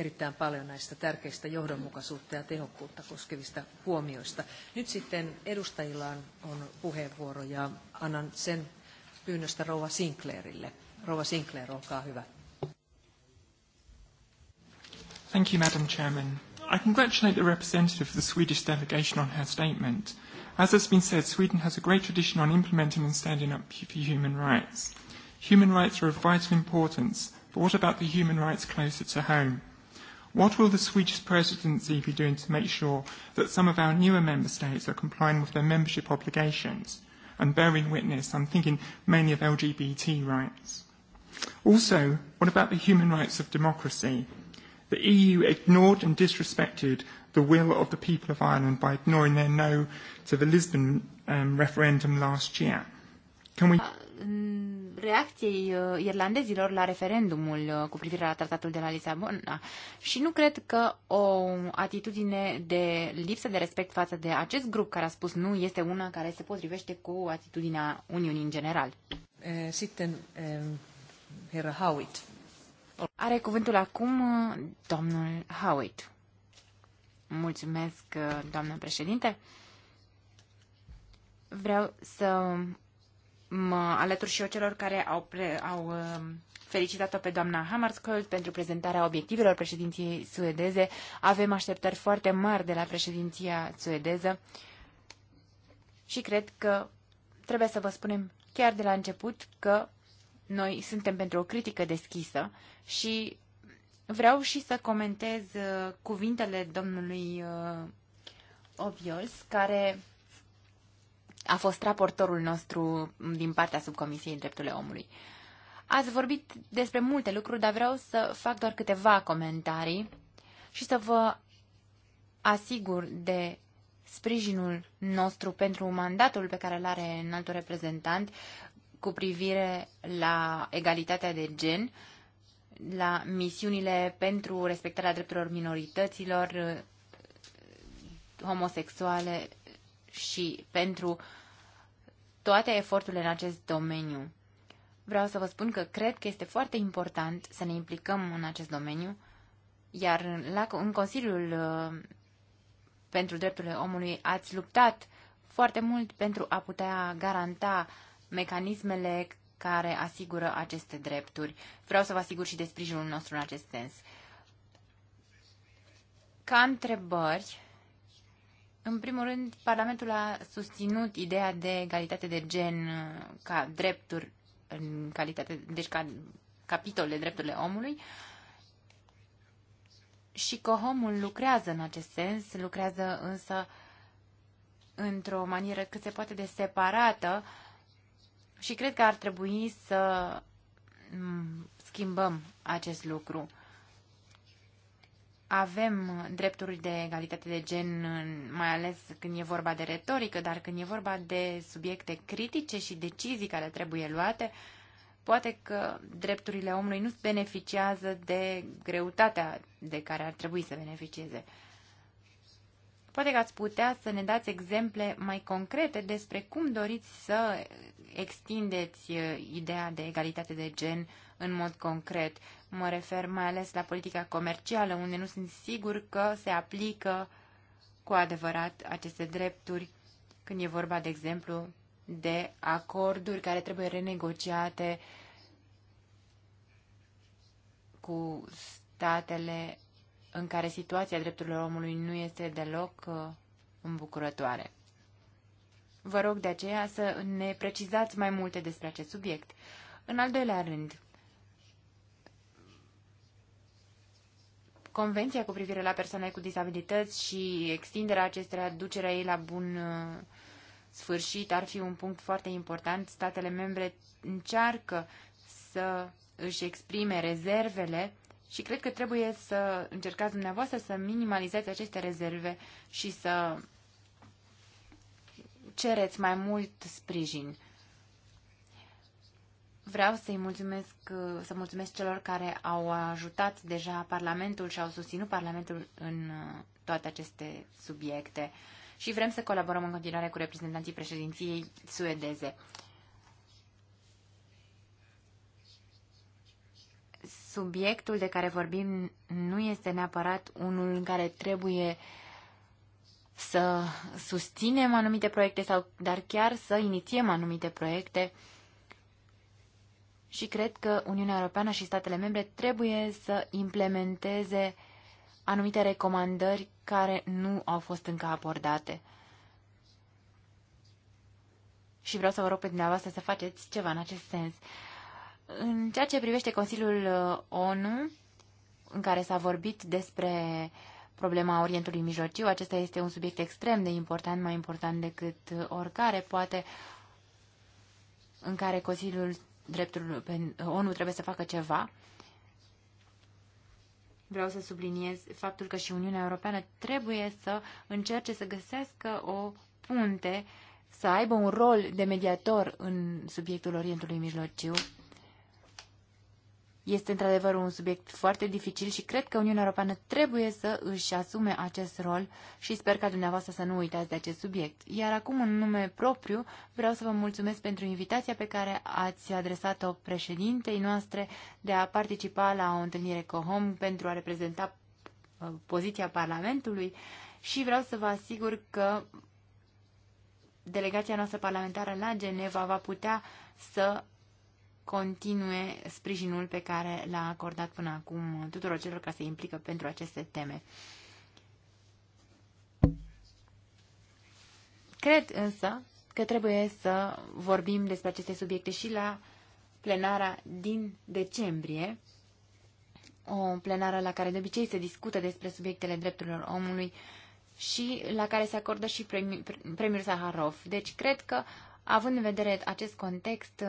erittäin paljon näistä tärkeistä johdonmukaisuutta ja tehokkuutta koskevista huomioista. Nyt sitten edustajilla on puheenvuoro ja annan sen pyynnöstä Rouva Sinclairille. Rouva Sinclair, olkaa hyvä. Thank you, Madam Chairman. I congratulate the representative of the Swedish delegation on her statement. As has been said, Sweden has a great tradition on implementing and standing up for human rights. Human rights are of vital importance, but what about the human rights closer to home? What will the Swedish presidency be doing to make sure that some of our newer member states are complying with their membership obligations and bearing witness? I'm thinking mainly of LGBT rights. Also, what about the human rights of democracy? The EU ignored and disrespected the will of the people of Ireland by ignoring their no to the Lisbon um, referendum last year. Can we... Uh, reacției uh, irlandezilor la referendumul uh, cu privire la tratatul de la Lisabona și nu cred că o atitudine de lipsă de respect față de acest grup care a spus nu este una care se potrivește cu atitudinea Uniunii în general. Eh, sitten eh, herra Howitt. Are cuvântul acum uh, domnul Howitt. Mulțumesc, doamnă președinte. Vreau să mă alătur și eu celor care au, pre, au um, felicitat-o pe doamna Hammarskjöld pentru prezentarea obiectivelor președinției suedeze. Avem așteptări foarte mari de la președinția suedeză și cred că trebuie să vă spunem chiar de la început că noi suntem pentru o critică deschisă și vreau și să comentez uh, cuvintele domnului uh, Obiols, care a fost raportorul nostru din partea subcomisiei Drepturile Omului. Ați vorbit despre multe lucruri, dar vreau să fac doar câteva comentarii și să vă asigur de sprijinul nostru pentru mandatul pe care îl are înaltul reprezentant cu privire la egalitatea de gen, la misiunile pentru respectarea drepturilor minorităților homosexuale și pentru toate eforturile în acest domeniu. Vreau să vă spun că cred că este foarte important să ne implicăm în acest domeniu, iar la, în Consiliul uh, pentru Drepturile Omului ați luptat foarte mult pentru a putea garanta mecanismele care asigură aceste drepturi. Vreau să vă asigur și de sprijinul nostru în acest sens. Ca întrebări, în primul rând, Parlamentul a susținut ideea de egalitate de gen uh, ca drepturi în calitate, deci ca capitol de drepturile omului. Și omul lucrează în acest sens, lucrează însă într-o manieră cât se poate de separată și cred că ar trebui să mm, schimbăm acest lucru avem drepturi de egalitate de gen, mai ales când e vorba de retorică, dar când e vorba de subiecte critice și decizii care trebuie luate, poate că drepturile omului nu beneficiază de greutatea de care ar trebui să beneficieze. Poate că ați putea să ne dați exemple mai concrete despre cum doriți să extindeți uh, ideea de egalitate de gen în mod concret. Mă refer mai ales la politica comercială, unde nu sunt sigur că se aplică cu adevărat aceste drepturi când e vorba, de exemplu, de acorduri care trebuie renegociate cu statele în care situația drepturilor omului nu este deloc uh, îmbucurătoare. Vă rog de aceea să ne precizați mai multe despre acest subiect. În al doilea rând, Convenția cu privire la persoanele cu dizabilități și extinderea acestora, aducerea ei la bun uh, sfârșit, ar fi un punct foarte important. Statele membre încearcă să își exprime rezervele și cred că trebuie să încercați dumneavoastră să minimalizați aceste rezerve și să cereți mai mult sprijin Vreau să-i mulțumesc, să mulțumesc celor care au ajutat deja Parlamentul și au susținut Parlamentul în uh, toate aceste subiecte și vrem să colaborăm în continuare cu reprezentanții președinției suedeze. Subiectul de care vorbim nu este neapărat unul în care trebuie să susținem anumite proiecte, sau, dar chiar să inițiem anumite proiecte și cred că Uniunea Europeană și statele membre trebuie să implementeze anumite recomandări care nu au fost încă abordate. Și vreau să vă rog pe dumneavoastră să faceți ceva în acest sens. În ceea ce privește Consiliul uh, ONU, în care s-a vorbit despre problema Orientului Mijlociu, acesta este un subiect extrem de important, mai important decât oricare, poate, în care Consiliul dreptul, ONU trebuie să facă ceva, vreau să subliniez faptul că și Uniunea Europeană trebuie să încerce să găsească o punte, să aibă un rol de mediator în subiectul Orientului Mijlociu este într-adevăr un subiect foarte dificil și cred că Uniunea Europeană trebuie să își asume acest rol și sper ca dumneavoastră să nu uitați de acest subiect. Iar acum, în nume propriu, vreau să vă mulțumesc pentru invitația pe care ați adresat-o președintei noastre de a participa la o întâlnire COHOM pentru a reprezenta uh, poziția Parlamentului și vreau să vă asigur că delegația noastră parlamentară la Geneva va putea să continue sprijinul pe care l-a acordat până acum tuturor celor care se implică pentru aceste teme. Cred însă că trebuie să vorbim despre aceste subiecte și la plenara din decembrie, o plenară la care de obicei se discută despre subiectele drepturilor omului și la care se acordă și premiul Saharov. Deci cred că, având în vedere acest context,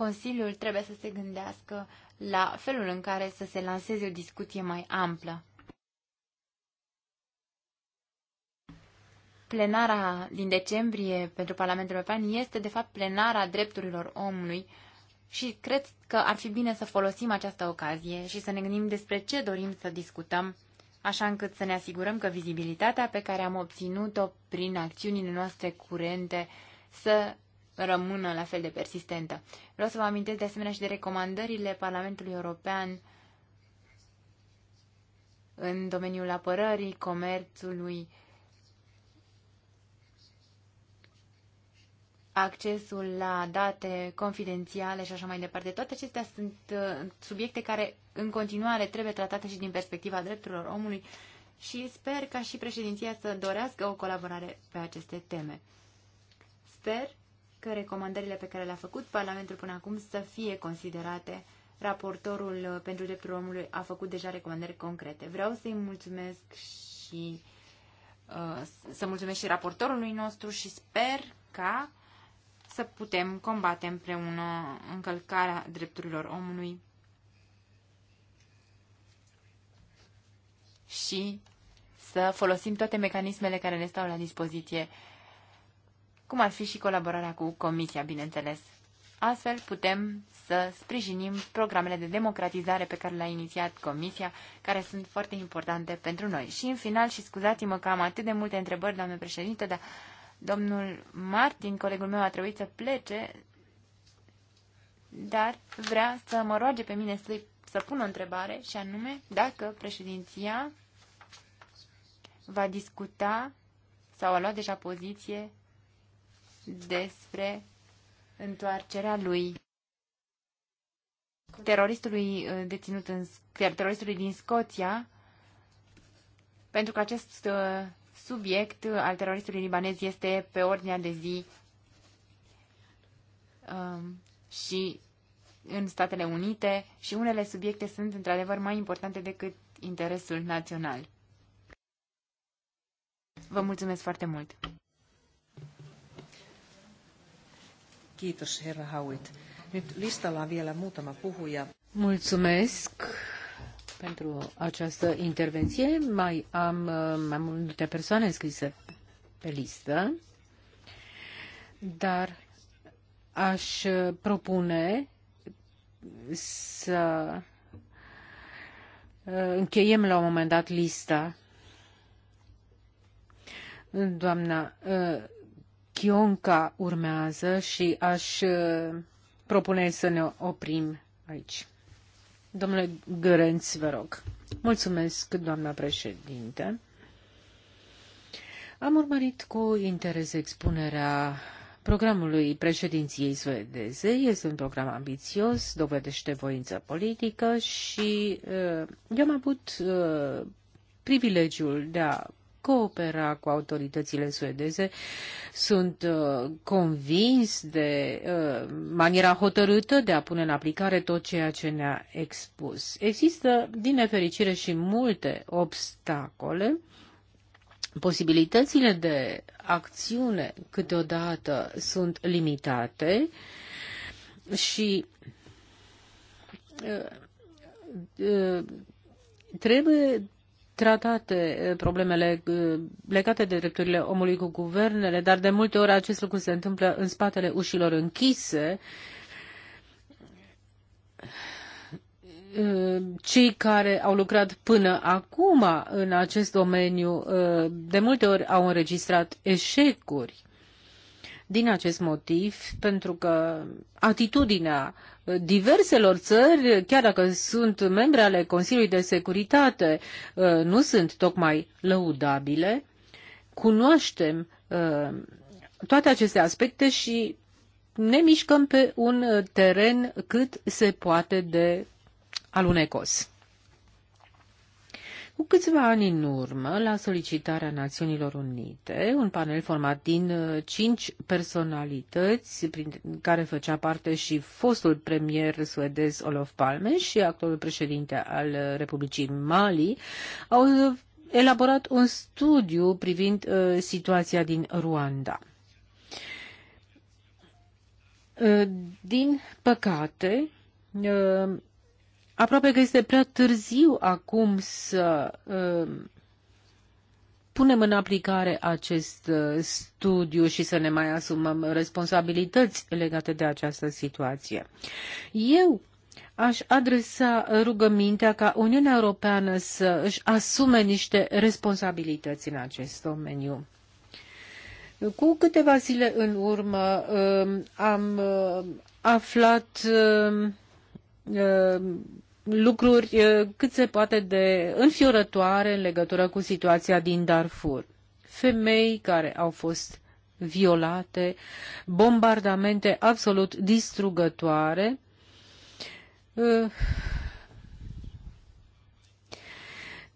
Consiliul trebuie să se gândească la felul în care să se lanseze o discuție mai amplă. Plenara din decembrie pentru Parlamentul European este, de fapt, plenara drepturilor omului și cred că ar fi bine să folosim această ocazie și să ne gândim despre ce dorim să discutăm, așa încât să ne asigurăm că vizibilitatea pe care am obținut-o prin acțiunile noastre curente să rămână la fel de persistentă. Vreau să vă amintesc de asemenea și de recomandările Parlamentului European în domeniul apărării, comerțului, accesul la date confidențiale și așa mai departe. Toate acestea sunt uh, subiecte care în continuare trebuie tratate și din perspectiva drepturilor omului și sper ca și președinția să dorească o colaborare pe aceste teme. Sper că recomandările pe care le-a făcut Parlamentul până acum să fie considerate. Raportorul pentru dreptul omului a făcut deja recomandări concrete. Vreau să-i mulțumesc și uh, să mulțumesc și raportorului nostru și sper ca să putem combate împreună încălcarea drepturilor omului și să folosim toate mecanismele care ne stau la dispoziție cum ar fi și colaborarea cu Comisia, bineînțeles. Astfel putem să sprijinim programele de democratizare pe care le-a inițiat Comisia, care sunt foarte importante pentru noi. Și în final, și scuzați-mă că am atât de multe întrebări, doamne președinte, dar domnul Martin, colegul meu, a trebuit să plece, dar vrea să mă roage pe mine să, să pun o întrebare, și anume dacă președinția va discuta sau a luat deja poziție despre întoarcerea lui teroristului uh, deținut în, teroristului din Scoția, pentru că acest uh, subiect uh, al teroristului libanez este pe ordinea de zi um, și în Statele Unite și unele subiecte sunt într-adevăr mai importante decât interesul național. Vă mulțumesc foarte mult! Kiitos, herra Hauit. Nyt listalla on vielä muutama puhuja. Mulțumesc pentru această intervenție. Mai am uh, mai multe persoane înscrise pe listă, dar aș uh, propune să uh, încheiem la un moment dat lista. Doamna Chionca urmează și aș uh, propune să ne oprim aici. Domnule Gărenț, vă rog. Mulțumesc, doamna președinte. Am urmărit cu interes expunerea programului președinției suedeze. Este un program ambițios, dovedește voință politică și uh, eu am avut uh, privilegiul de a coopera cu autoritățile suedeze. Sunt uh, convins de uh, maniera hotărâtă de a pune în aplicare tot ceea ce ne-a expus. Există, din nefericire, și multe obstacole. Posibilitățile de acțiune câteodată sunt limitate și uh, uh trebuie tratate eh, problemele eh, legate de drepturile omului cu guvernele, dar de multe ori acest lucru se întâmplă în spatele ușilor închise. Eh, cei care au lucrat până acum în acest domeniu de multe ori au înregistrat eșecuri. Din acest motiv, pentru că atitudinea diverselor țări, chiar dacă sunt membre ale Consiliului de Securitate, uh, nu sunt tocmai lăudabile. Cunoaștem uh, toate aceste aspecte și ne mișcăm pe un uh, teren cât se poate de alunecos. Cu câțiva ani în urmă, la solicitarea Națiunilor Unite, un panel format din uh, cinci personalități, prin care făcea parte și fostul premier suedez Olof Palme și actualul președinte al uh, Republicii Mali, au uh, elaborat un studiu privind uh, situația din Ruanda. Uh, din păcate, uh, aproape că este prea târziu acum să um, punem în aplicare acest uh, studiu și să ne mai asumăm responsabilități legate de această situație. Eu aș adresa rugămintea ca Uniunea Europeană să își asume niște responsabilități în acest domeniu. Cu câteva zile în urmă um, am uh, aflat um, lucruri cât se poate de înfiorătoare în legătură cu situația din Darfur. Femei care au fost violate, bombardamente absolut distrugătoare.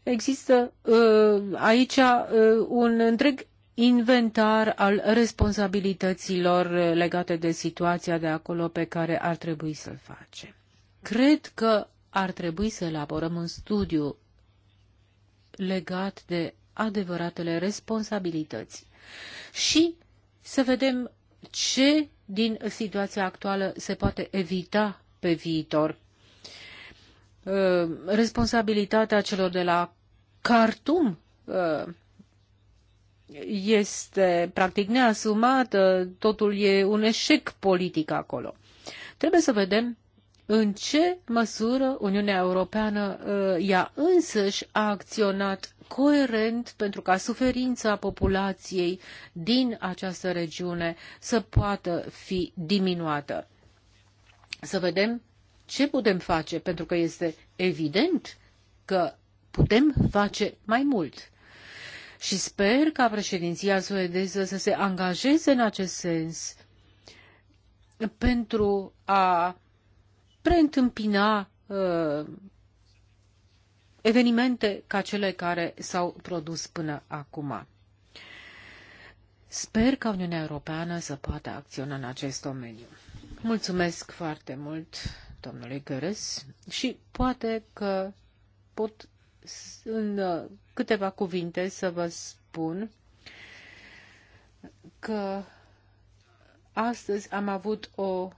Există aici un întreg inventar al responsabilităților legate de situația de acolo pe care ar trebui să-l facem. Cred că ar trebui să elaborăm un studiu legat de adevăratele responsabilități și să vedem ce din situația actuală se poate evita pe viitor. Uh, responsabilitatea celor de la Cartum uh, este practic neasumată, totul e un eșec politic acolo. Trebuie să vedem în ce măsură Uniunea Europeană uh, ea însăși a acționat coerent pentru ca suferința populației din această regiune să poată fi diminuată. Să vedem ce putem face, pentru că este evident că putem face mai mult. Și sper ca președinția suedeză să se angajeze în acest sens pentru a preîntâmpina uh, evenimente ca cele care s-au produs până acum. Sper ca Uniunea Europeană să poată acționa în acest domeniu. Mulțumesc foarte mult domnului Gărăs și poate că pot în uh, câteva cuvinte să vă spun că astăzi am avut o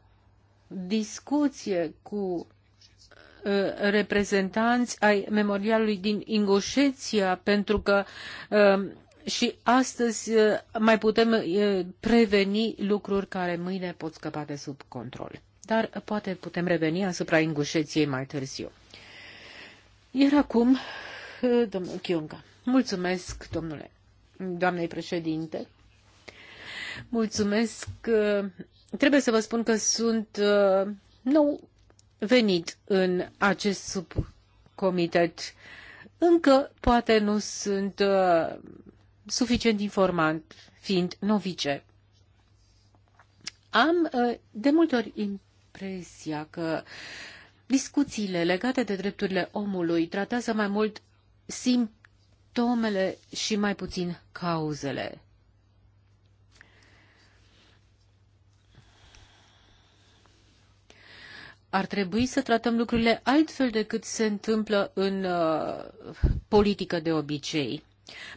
discuție cu uh, reprezentanți ai memorialului din Ingoșeția, pentru că uh, și astăzi uh, mai putem preveni lucruri care mâine pot scăpa de sub control. Dar poate putem reveni asupra Ingușeției mai târziu. Iar acum, domnul Chiunga, mulțumesc, domnule, doamnei președinte, mulțumesc trebuie să vă spun că sunt uh, nou venit în acest subcomitet. Încă poate nu sunt uh, suficient informant, fiind novice. Am uh, de multe ori impresia că discuțiile legate de drepturile omului tratează mai mult simptomele și mai puțin cauzele Ar trebui să tratăm lucrurile altfel decât se întâmplă în uh, politică de obicei.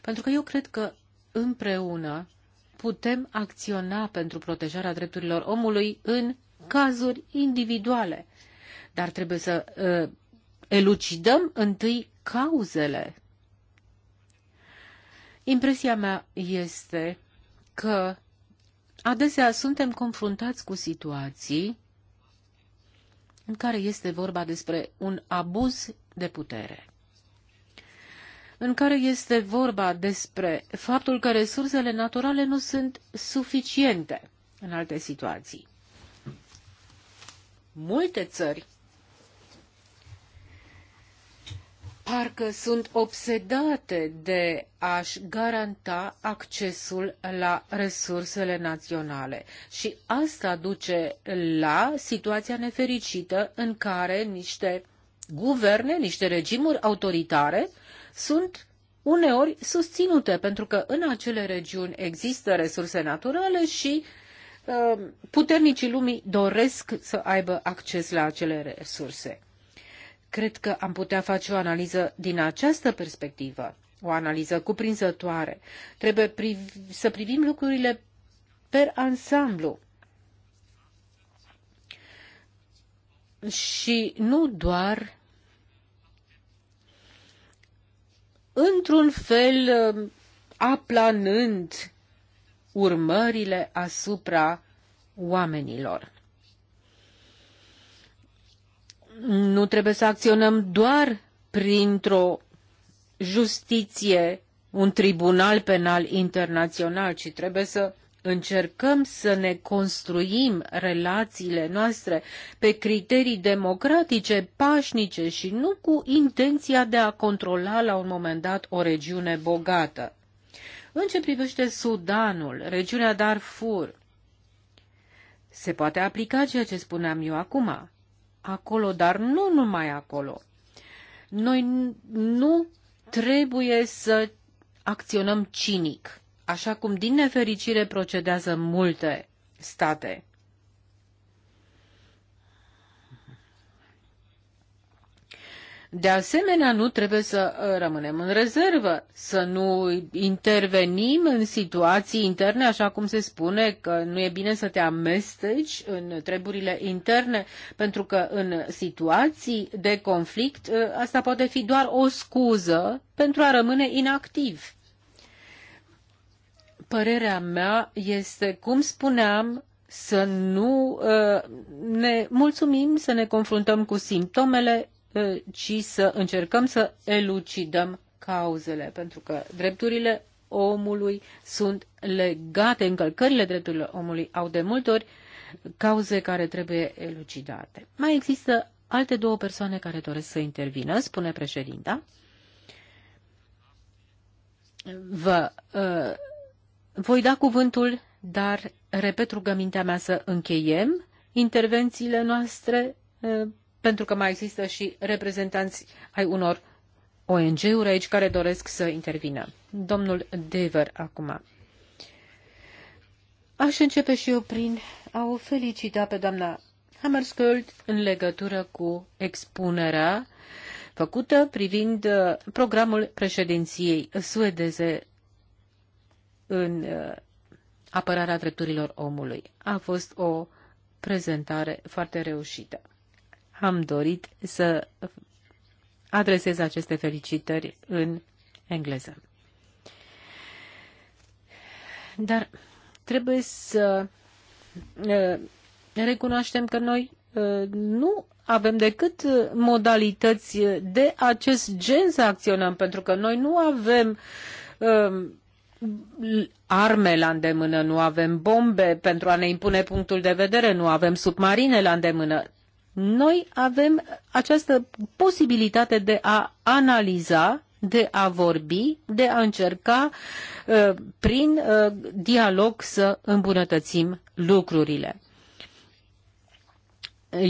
Pentru că eu cred că împreună putem acționa pentru protejarea drepturilor omului în cazuri individuale. Dar trebuie să uh, elucidăm întâi cauzele. Impresia mea este că adesea suntem confruntați cu situații în care este vorba despre un abuz de putere în care este vorba despre faptul că resursele naturale nu sunt suficiente în alte situații. Multe țări parcă sunt obsedate de a-și garanta accesul la resursele naționale. Și asta duce la situația nefericită în care niște guverne, niște regimuri autoritare sunt uneori susținute, pentru că în acele regiuni există resurse naturale și uh, puternicii lumii doresc să aibă acces la acele resurse. Cred că am putea face o analiză din această perspectivă, o analiză cuprinzătoare. Trebuie priv să privim lucrurile per ansamblu și nu doar într-un fel uh, aplanând urmările asupra oamenilor nu trebuie să acționăm doar printr-o justiție, un tribunal penal internațional, ci trebuie să încercăm să ne construim relațiile noastre pe criterii democratice, pașnice și nu cu intenția de a controla la un moment dat o regiune bogată. În ce privește Sudanul, regiunea Darfur, se poate aplica ceea ce spuneam eu acum acolo, dar nu numai acolo. Noi nu trebuie să acționăm cinic, așa cum din nefericire procedează multe state. De asemenea, nu trebuie să uh, rămânem în rezervă, să nu intervenim în situații interne, așa cum se spune că nu e bine să te amesteci în treburile interne, pentru că în situații de conflict uh, asta poate fi doar o scuză pentru a rămâne inactiv. Părerea mea este, cum spuneam, să nu uh, ne mulțumim, să ne confruntăm cu simptomele Eh, ci să încercăm să elucidăm cauzele, pentru că drepturile omului sunt legate, încălcările drepturilor omului au de multe ori cauze care trebuie elucidate. Mai există alte două persoane care doresc să intervină, spune președinta. Vă uh, voi da cuvântul, dar repet rugămintea mea să încheiem intervențiile noastre uh, pentru că mai există și reprezentanți ai unor ONG-uri aici care doresc să intervină. Domnul Dever acum. Aș începe și eu prin a o felicita pe doamna Hammerskjöld în legătură cu expunerea făcută privind uh, programul președinției suedeze în uh, apărarea drepturilor omului. A fost o prezentare foarte reușită am dorit să adresez aceste felicitări în engleză. Dar trebuie să recunoaștem că noi nu avem decât modalități de acest gen să acționăm, pentru că noi nu avem arme la îndemână, nu avem bombe pentru a ne impune punctul de vedere, nu avem submarine la îndemână. Noi avem această posibilitate de a analiza, de a vorbi, de a încerca uh, prin uh, dialog să îmbunătățim lucrurile.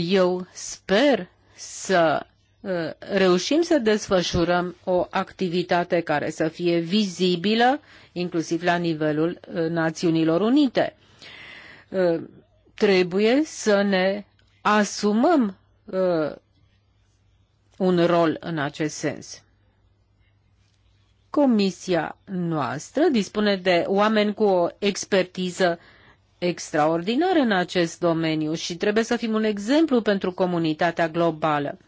Eu sper să uh, reușim să desfășurăm o activitate care să fie vizibilă, inclusiv la nivelul Națiunilor Unite. Trebuie să ne asumăm uh, un rol în acest sens. Comisia noastră dispune de oameni cu o expertiză extraordinară în acest domeniu și trebuie să fim un exemplu pentru comunitatea globală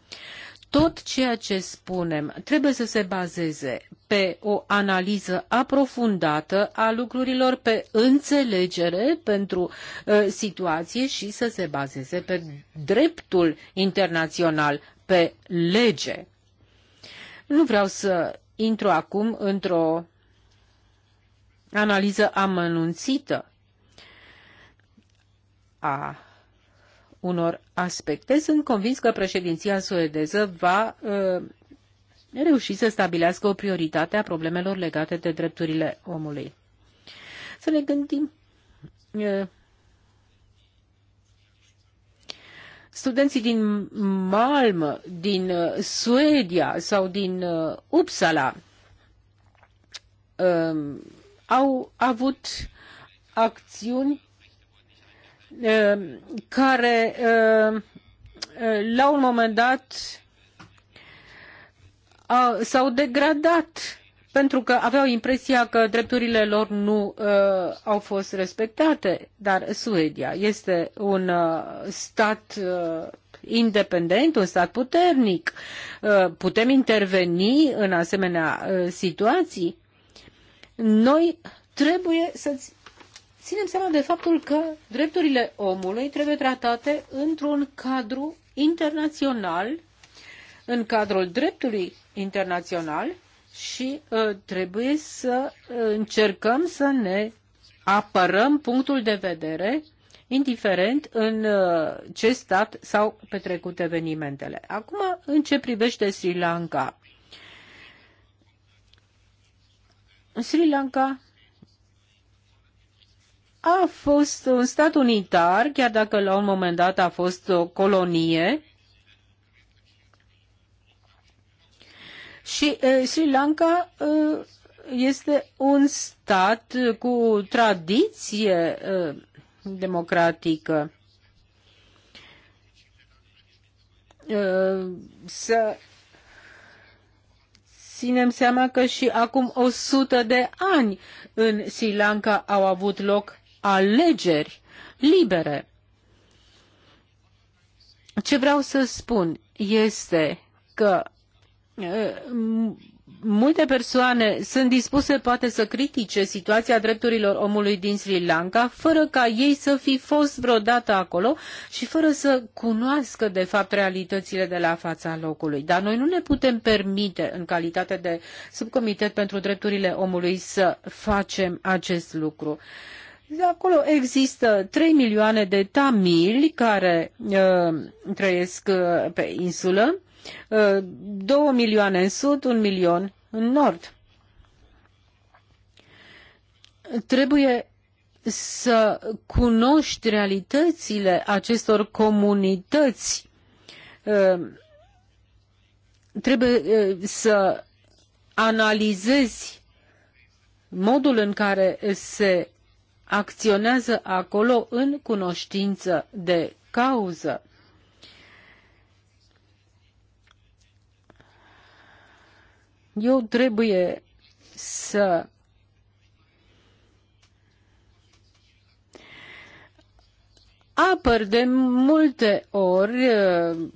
tot ceea ce spunem trebuie să se bazeze pe o analiză aprofundată a lucrurilor, pe înțelegere pentru uh, situație și să se bazeze pe dreptul internațional, pe lege. Nu vreau să intru acum într-o analiză amănunțită a unor aspecte. Sunt convins că președinția suedeză va uh, reuși să stabilească o prioritate a problemelor legate de drepturile omului. Să ne gândim. Uh, studenții din Malmö, din uh, Suedia sau din uh, Uppsala um, au avut acțiuni Uh, care uh, uh, la un moment dat s-au degradat pentru că aveau impresia că drepturile lor nu uh, au fost respectate. Dar Suedia este un uh, stat uh, independent, un stat puternic. Uh, putem interveni în asemenea uh, situații. Noi trebuie să-ți ținem seama de faptul că drepturile omului trebuie tratate într-un cadru internațional, în cadrul dreptului internațional și uh, trebuie să încercăm să ne apărăm punctul de vedere indiferent în ă, ce stat s-au petrecut evenimentele. Acum, în ce privește Sri Lanka? Sri Lanka a fost un stat unitar, chiar dacă la un moment dat a fost o colonie. Și uh, Sri Lanka uh, este un stat cu tradiție uh, democratică. să ținem seama că și acum 100 de ani în Sri Lanka au avut loc alegeri libere. Ce vreau să spun este că multe persoane sunt dispuse poate să critique situația drepturilor omului din Sri Lanka fără ca ei să fi fost vreodată acolo și fără să cunoască de fapt realitățile de la fața locului. Dar noi nu ne putem permite în calitate de subcomitet pentru drepturile omului să facem acest lucru. Uh, Exact, acolo există 3 milioane de tamili care uh, trăiesc uh, pe insulă, uh, 2 milioane în sud, 1 milion în nord. Trebuie să cunoști realitățile acestor comunități. Uh, trebuie uh, să analizezi modul în care se acționează acolo în cunoștință de cauză. Eu trebuie să apăr de multe ori uh,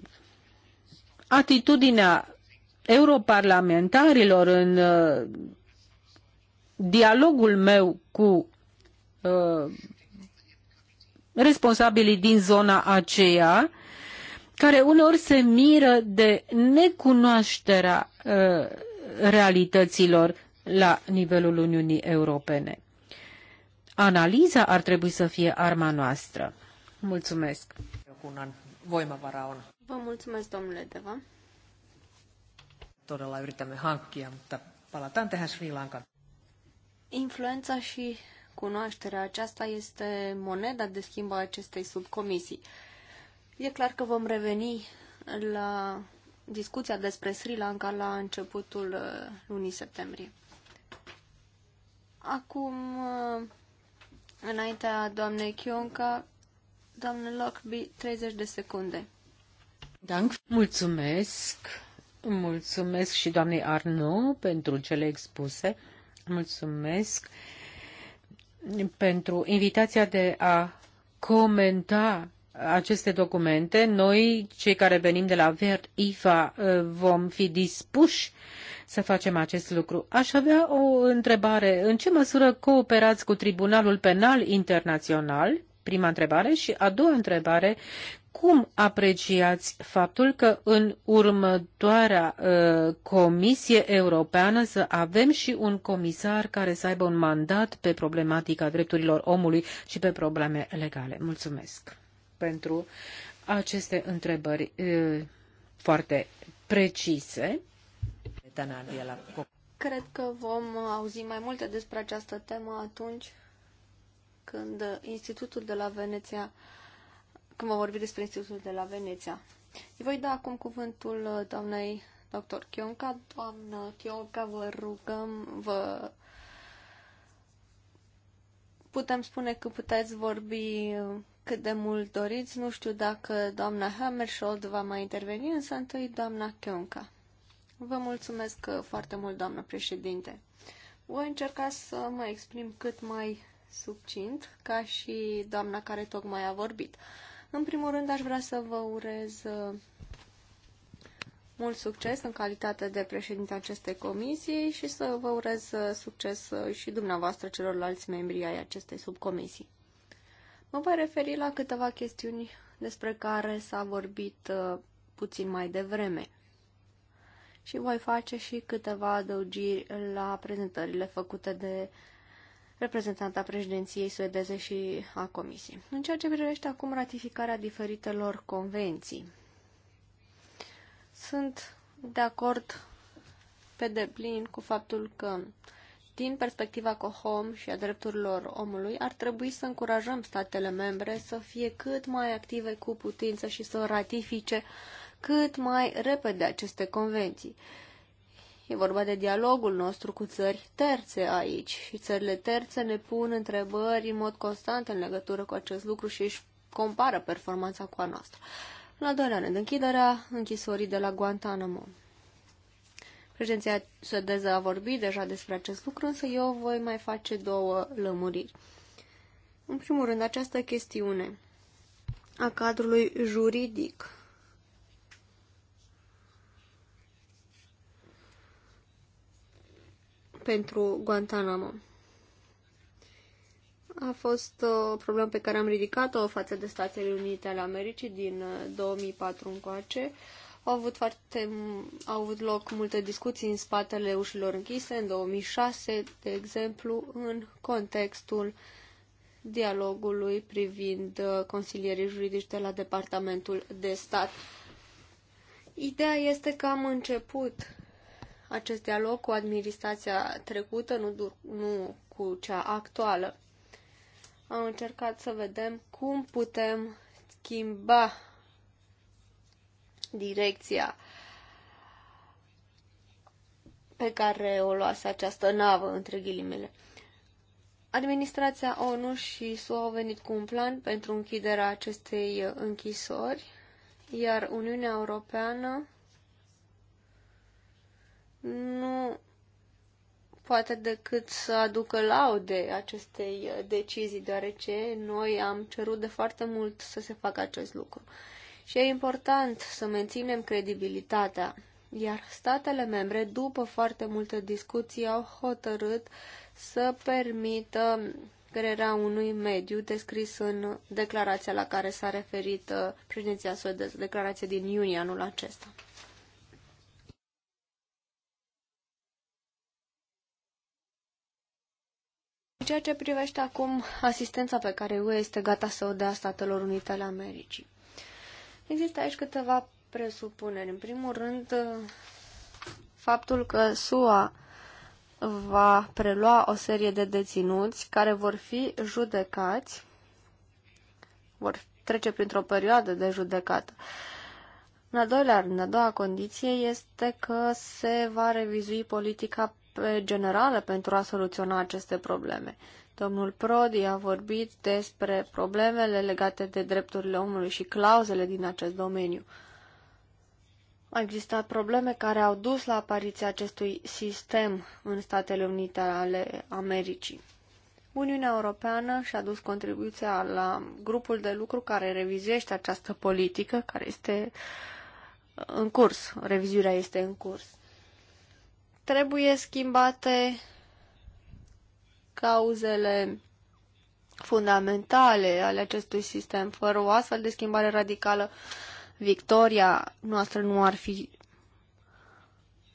atitudinea europarlamentarilor în uh, dialogul meu cu Uh, responsabilii din zona aceea, care uneori se miră de necunoașterea uh, realităților la nivelul Uniunii Europene. Analiza ar trebui să fie arma noastră. Mulțumesc. Vă mulțumesc, domnule Deva. Todella yritämme hankkia, mutta palataan tähän Sri Lankan. Influența și cunoașterea aceasta este moneda de schimb a acestei subcomisii. E clar că vom reveni la discuția despre Sri Lanka la începutul uh, lunii septembrie. Acum, uh, înaintea doamnei Chionca, doamne Lockby, 30 de secunde. Dank. Mulțumesc. Mulțumesc și doamnei Arno pentru cele expuse. Mulțumesc pentru invitația de a comenta aceste documente. Noi, cei care venim de la Vert IFA, eh, vom fi dispuși să facem acest lucru. Aș avea o întrebare. În ce măsură cooperați cu Tribunalul Penal Internațional? Prima întrebare. Și a doua întrebare, cum apreciați faptul că în următoarea uh, Comisie Europeană să avem și un comisar care să aibă un mandat pe problematica drepturilor omului și pe probleme legale? Mulțumesc pentru aceste întrebări uh, foarte precise. Cred că vom auzi mai multe despre această temă atunci când Institutul de la Veneția când vom vorbi despre Institutul de la Veneția. Îi voi da acum cuvântul uh, doamnei doctor Chionca. Doamnă Chionca, vă rugăm, vă putem spune că puteți vorbi uh, cât de mult doriți. Nu știu dacă doamna Hammershold va mai interveni, însă întâi doamna Chionca. Vă mulțumesc uh, foarte mult, doamnă președinte. Voi încerca să mă exprim cât mai succint, ca și doamna care tocmai a vorbit. În primul rând, aș vrea să vă urez uh, mult succes în calitate de președinte acestei comisii și să vă urez uh, succes uh, și dumneavoastră celorlalți membri ai acestei subcomisii. Mă voi referi la câteva chestiuni despre care s-a vorbit puțin mai devreme și voi face și câteva adăugiri la prezentările făcute de reprezentanta președinției suedeze și a Comisiei. În ceea ce privește acum ratificarea diferitelor convenții, sunt de acord pe deplin cu faptul că din perspectiva COHOM și a drepturilor omului, ar trebui să încurajăm statele membre să fie cât mai active cu putință și să ratifice cât mai repede aceste convenții. E vorba de dialogul nostru cu țări terțe aici și țările terțe ne pun întrebări în mod constant în legătură cu acest lucru și își compară performanța cu a noastră. La doilea an de închiderea închisorii de la Guantanamo. Președinția suedeză a vorbit deja despre acest lucru, însă eu voi mai face două lămuriri. În primul rând, această chestiune a cadrului juridic pentru Guantanamo. A fost uh, o problemă pe care am ridicat-o față de Statele Unite ale Americii din 2004 uh, încoace. Au avut, foarte, au avut loc multe discuții în spatele ușilor închise în 2006, de exemplu, în contextul dialogului privind uh, consilierii juridici de la Departamentul de Stat. Ideea este că am început acest dialog cu administrația trecută, nu, nu cu cea actuală. Am încercat să vedem cum putem schimba direcția pe care o luase această navă, între ghilimele. Administrația ONU și SUA au venit cu un plan pentru închiderea acestei închisori, iar Uniunea Europeană nu poate decât să aducă laude acestei uh, decizii, deoarece noi am cerut de foarte mult să se facă acest lucru. Și e important să menținem credibilitatea, iar statele membre, după foarte multe discuții, au hotărât să permită crearea unui mediu descris în declarația la care s-a referit uh, președinția suedeză, declarația din iunie anul acesta. ceea ce privește acum asistența pe care UE este gata să o dea Statelor Unite ale Americii. Există aici câteva presupuneri. În primul rând, faptul că SUA va prelua o serie de deținuți care vor fi judecați, vor trece printr-o perioadă de judecată. În al doilea rând, a doua condiție este că se va revizui politica generale pentru a soluționa aceste probleme. Domnul Prodi a vorbit despre problemele legate de drepturile omului și clauzele din acest domeniu. Au existat probleme care au dus la apariția acestui sistem în Statele Unite ale Americii. Uniunea Europeană și-a dus contribuția la grupul de lucru care revizuiește această politică, care este în curs, revizuirea este în curs. Trebuie schimbate cauzele fundamentale ale acestui sistem. Fără o astfel de schimbare radicală, victoria noastră nu ar fi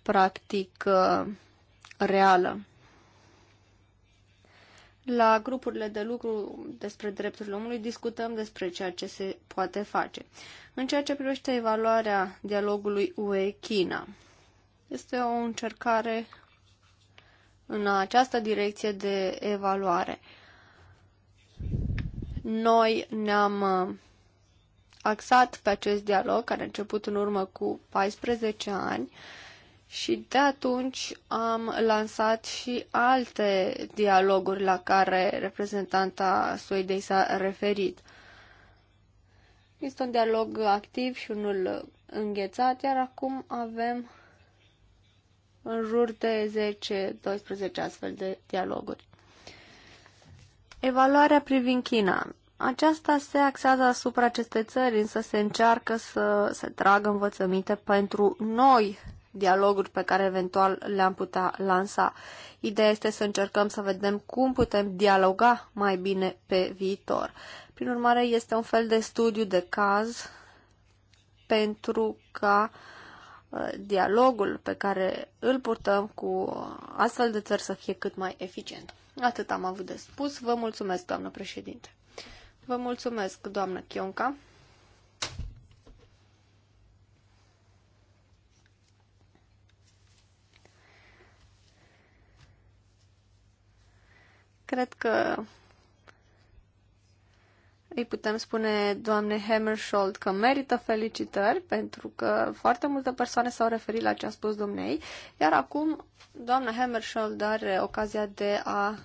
practic uh, reală. La grupurile de lucru despre drepturile omului discutăm despre ceea ce se poate face. În ceea ce privește evaluarea dialogului UE-China, este o încercare în această direcție de evaluare. Noi ne-am uh, axat pe acest dialog care a început în urmă cu 14 ani și de atunci am lansat și alte dialoguri la care reprezentanta Suedei s-a referit. Este un dialog activ și unul înghețat, iar acum avem în jur de 10-12 astfel de dialoguri. Evaluarea privind China. Aceasta se axează asupra acestei țări, însă se încearcă să se tragă învățăminte pentru noi dialoguri pe care eventual le-am putea lansa. Ideea este să încercăm să vedem cum putem dialoga mai bine pe viitor. Prin urmare, este un fel de studiu de caz pentru ca uh, Uh, dialogul pe care îl purtăm cu astfel de țări să fie cât mai eficient. Atât am avut de spus. Vă mulțumesc, doamnă președinte. Vă mulțumesc, doamnă Chionca. Cred că îi putem spune doamne Hammersholt că merită felicitări pentru că foarte multe persoane s-au referit la ce a spus domnei, iar acum doamna Hammersholt are ocazia de a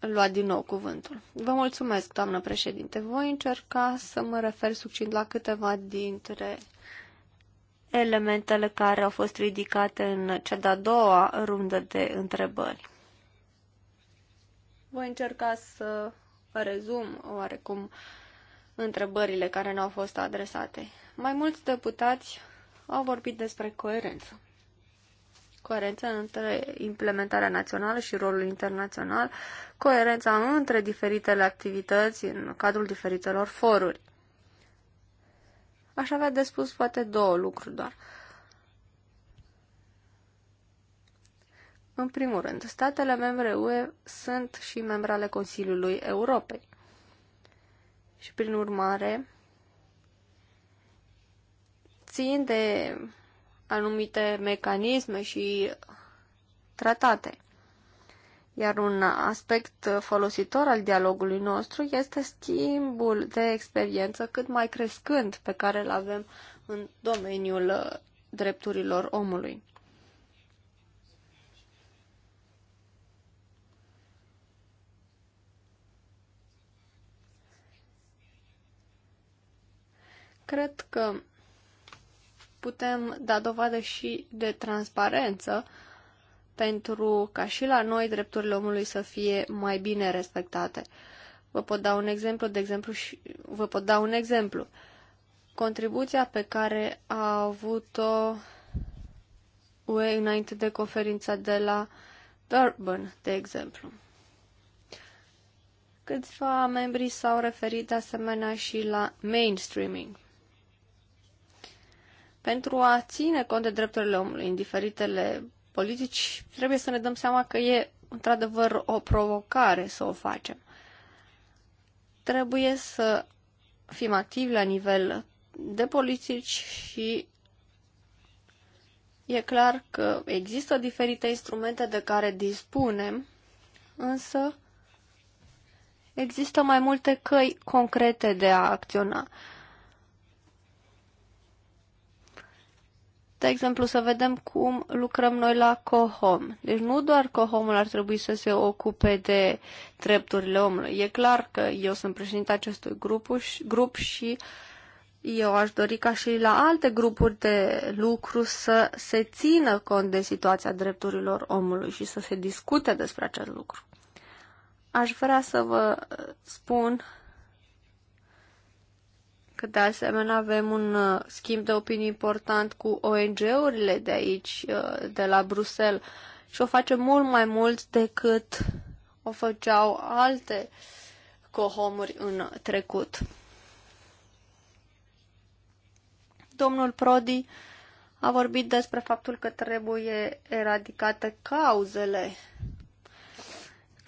lua din nou cuvântul. Vă mulțumesc, doamnă președinte. Voi încerca să mă refer succint la câteva dintre elementele care au fost ridicate în cea de-a doua rundă de întrebări. Voi încerca să rezum oarecum întrebările care nu au fost adresate. Mai mulți deputați au vorbit despre coerență. Coerența între implementarea națională și rolul internațional, coerența între diferitele activități în cadrul diferitelor foruri. Aș avea de spus poate două lucruri doar. Uh, În primul rând, statele membre UE sunt și membre ale Consiliului Europei. Și prin urmare, țin de anumite mecanisme și tratate. Iar un aspect folositor al dialogului nostru este schimbul de experiență cât mai crescând pe care îl avem în domeniul drepturilor omului. Cred că putem da dovadă și de transparență pentru ca și la noi drepturile omului să fie mai bine respectate. Vă pot da un exemplu, de exemplu, și vă pot da un exemplu. Contribuția pe care a avut-o UE înainte de conferința de la Durban, de exemplu. Câțiva membri s-au referit de asemenea și la mainstreaming pentru a ține cont de drepturile omului în diferitele politici, trebuie să ne dăm seama că e într-adevăr o provocare să o facem. Trebuie să fim activi la nivel de politici și e clar că există diferite instrumente de care dispunem, însă există mai multe căi concrete de a acționa. de exemplu, să vedem cum lucrăm noi la COHOM. Deci nu doar Cohomul ar trebui să se ocupe de drepturile omului. E clar că eu sunt președinte acestui grup, grup și eu aș dori ca și la alte grupuri de lucru să se țină cont de situația drepturilor omului și să se discute despre acest lucru. Aș vrea să vă spun că de asemenea avem un uh, schimb de opinii important cu ONG-urile de aici, uh, de la Bruxelles, și o facem mult mai mult decât o făceau alte cohomuri în trecut. Domnul Prodi a vorbit despre faptul că trebuie eradicate cauzele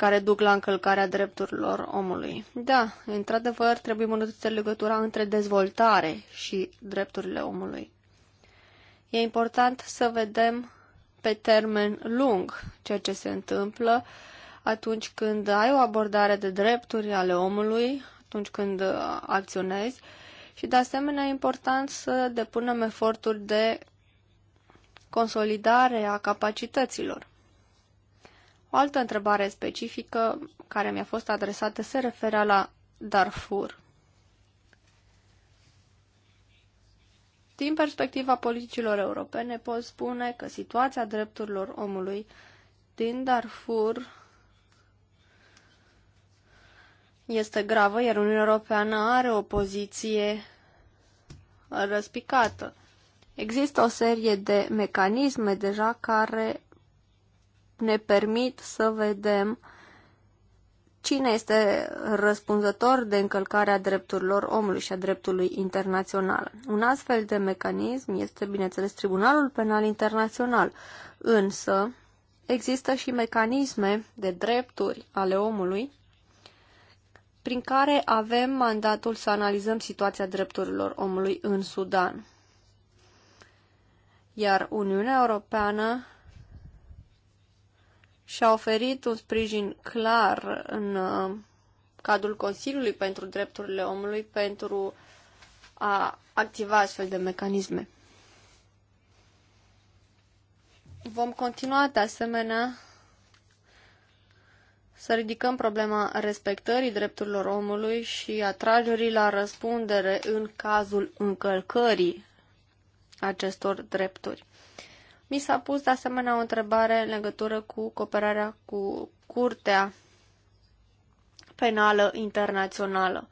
care duc la încălcarea drepturilor omului. Da, într-adevăr, trebuie îmbunătățită legătura între dezvoltare și drepturile omului. E important să vedem pe termen lung ceea ce se întâmplă atunci când ai o abordare de drepturi ale omului, atunci când uh, acționezi și de asemenea e important să depunem eforturi de consolidare a capacităților. O altă întrebare specifică care mi-a fost adresată se referea la Darfur. Din perspectiva politicilor europene, pot spune că situația drepturilor omului din Darfur este gravă, iar Uniunea Europeană are o poziție răspicată. Există o serie de mecanisme deja care ne permit să vedem cine este răspunzător de încălcarea drepturilor omului și a dreptului internațional. Un astfel de mecanism este, bineînțeles, Tribunalul Penal Internațional, însă există și mecanisme de drepturi ale omului prin care avem mandatul să analizăm situația drepturilor omului în Sudan. Iar Uniunea Europeană și-a oferit un sprijin clar în uh, cadrul Consiliului pentru Drepturile Omului pentru a activa astfel de mecanisme. Vom continua de asemenea să ridicăm problema respectării drepturilor omului și atragerii la răspundere în cazul încălcării acestor drepturi. Mi s-a pus de asemenea o întrebare în legătură cu cooperarea cu Curtea Penală Internațională.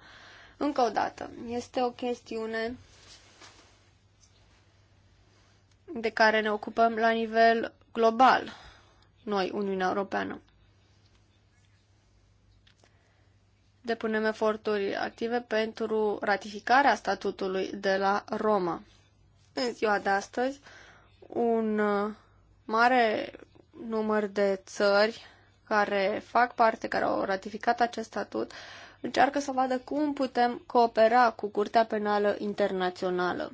Încă o dată, este o chestiune de care ne ocupăm la nivel global, noi, Uniunea Europeană. Depunem eforturi active pentru ratificarea statutului de la Roma. În ziua de astăzi, un uh, mare număr de țări care fac parte, care au ratificat acest statut, încearcă să vadă cum putem coopera cu Curtea Penală Internațională.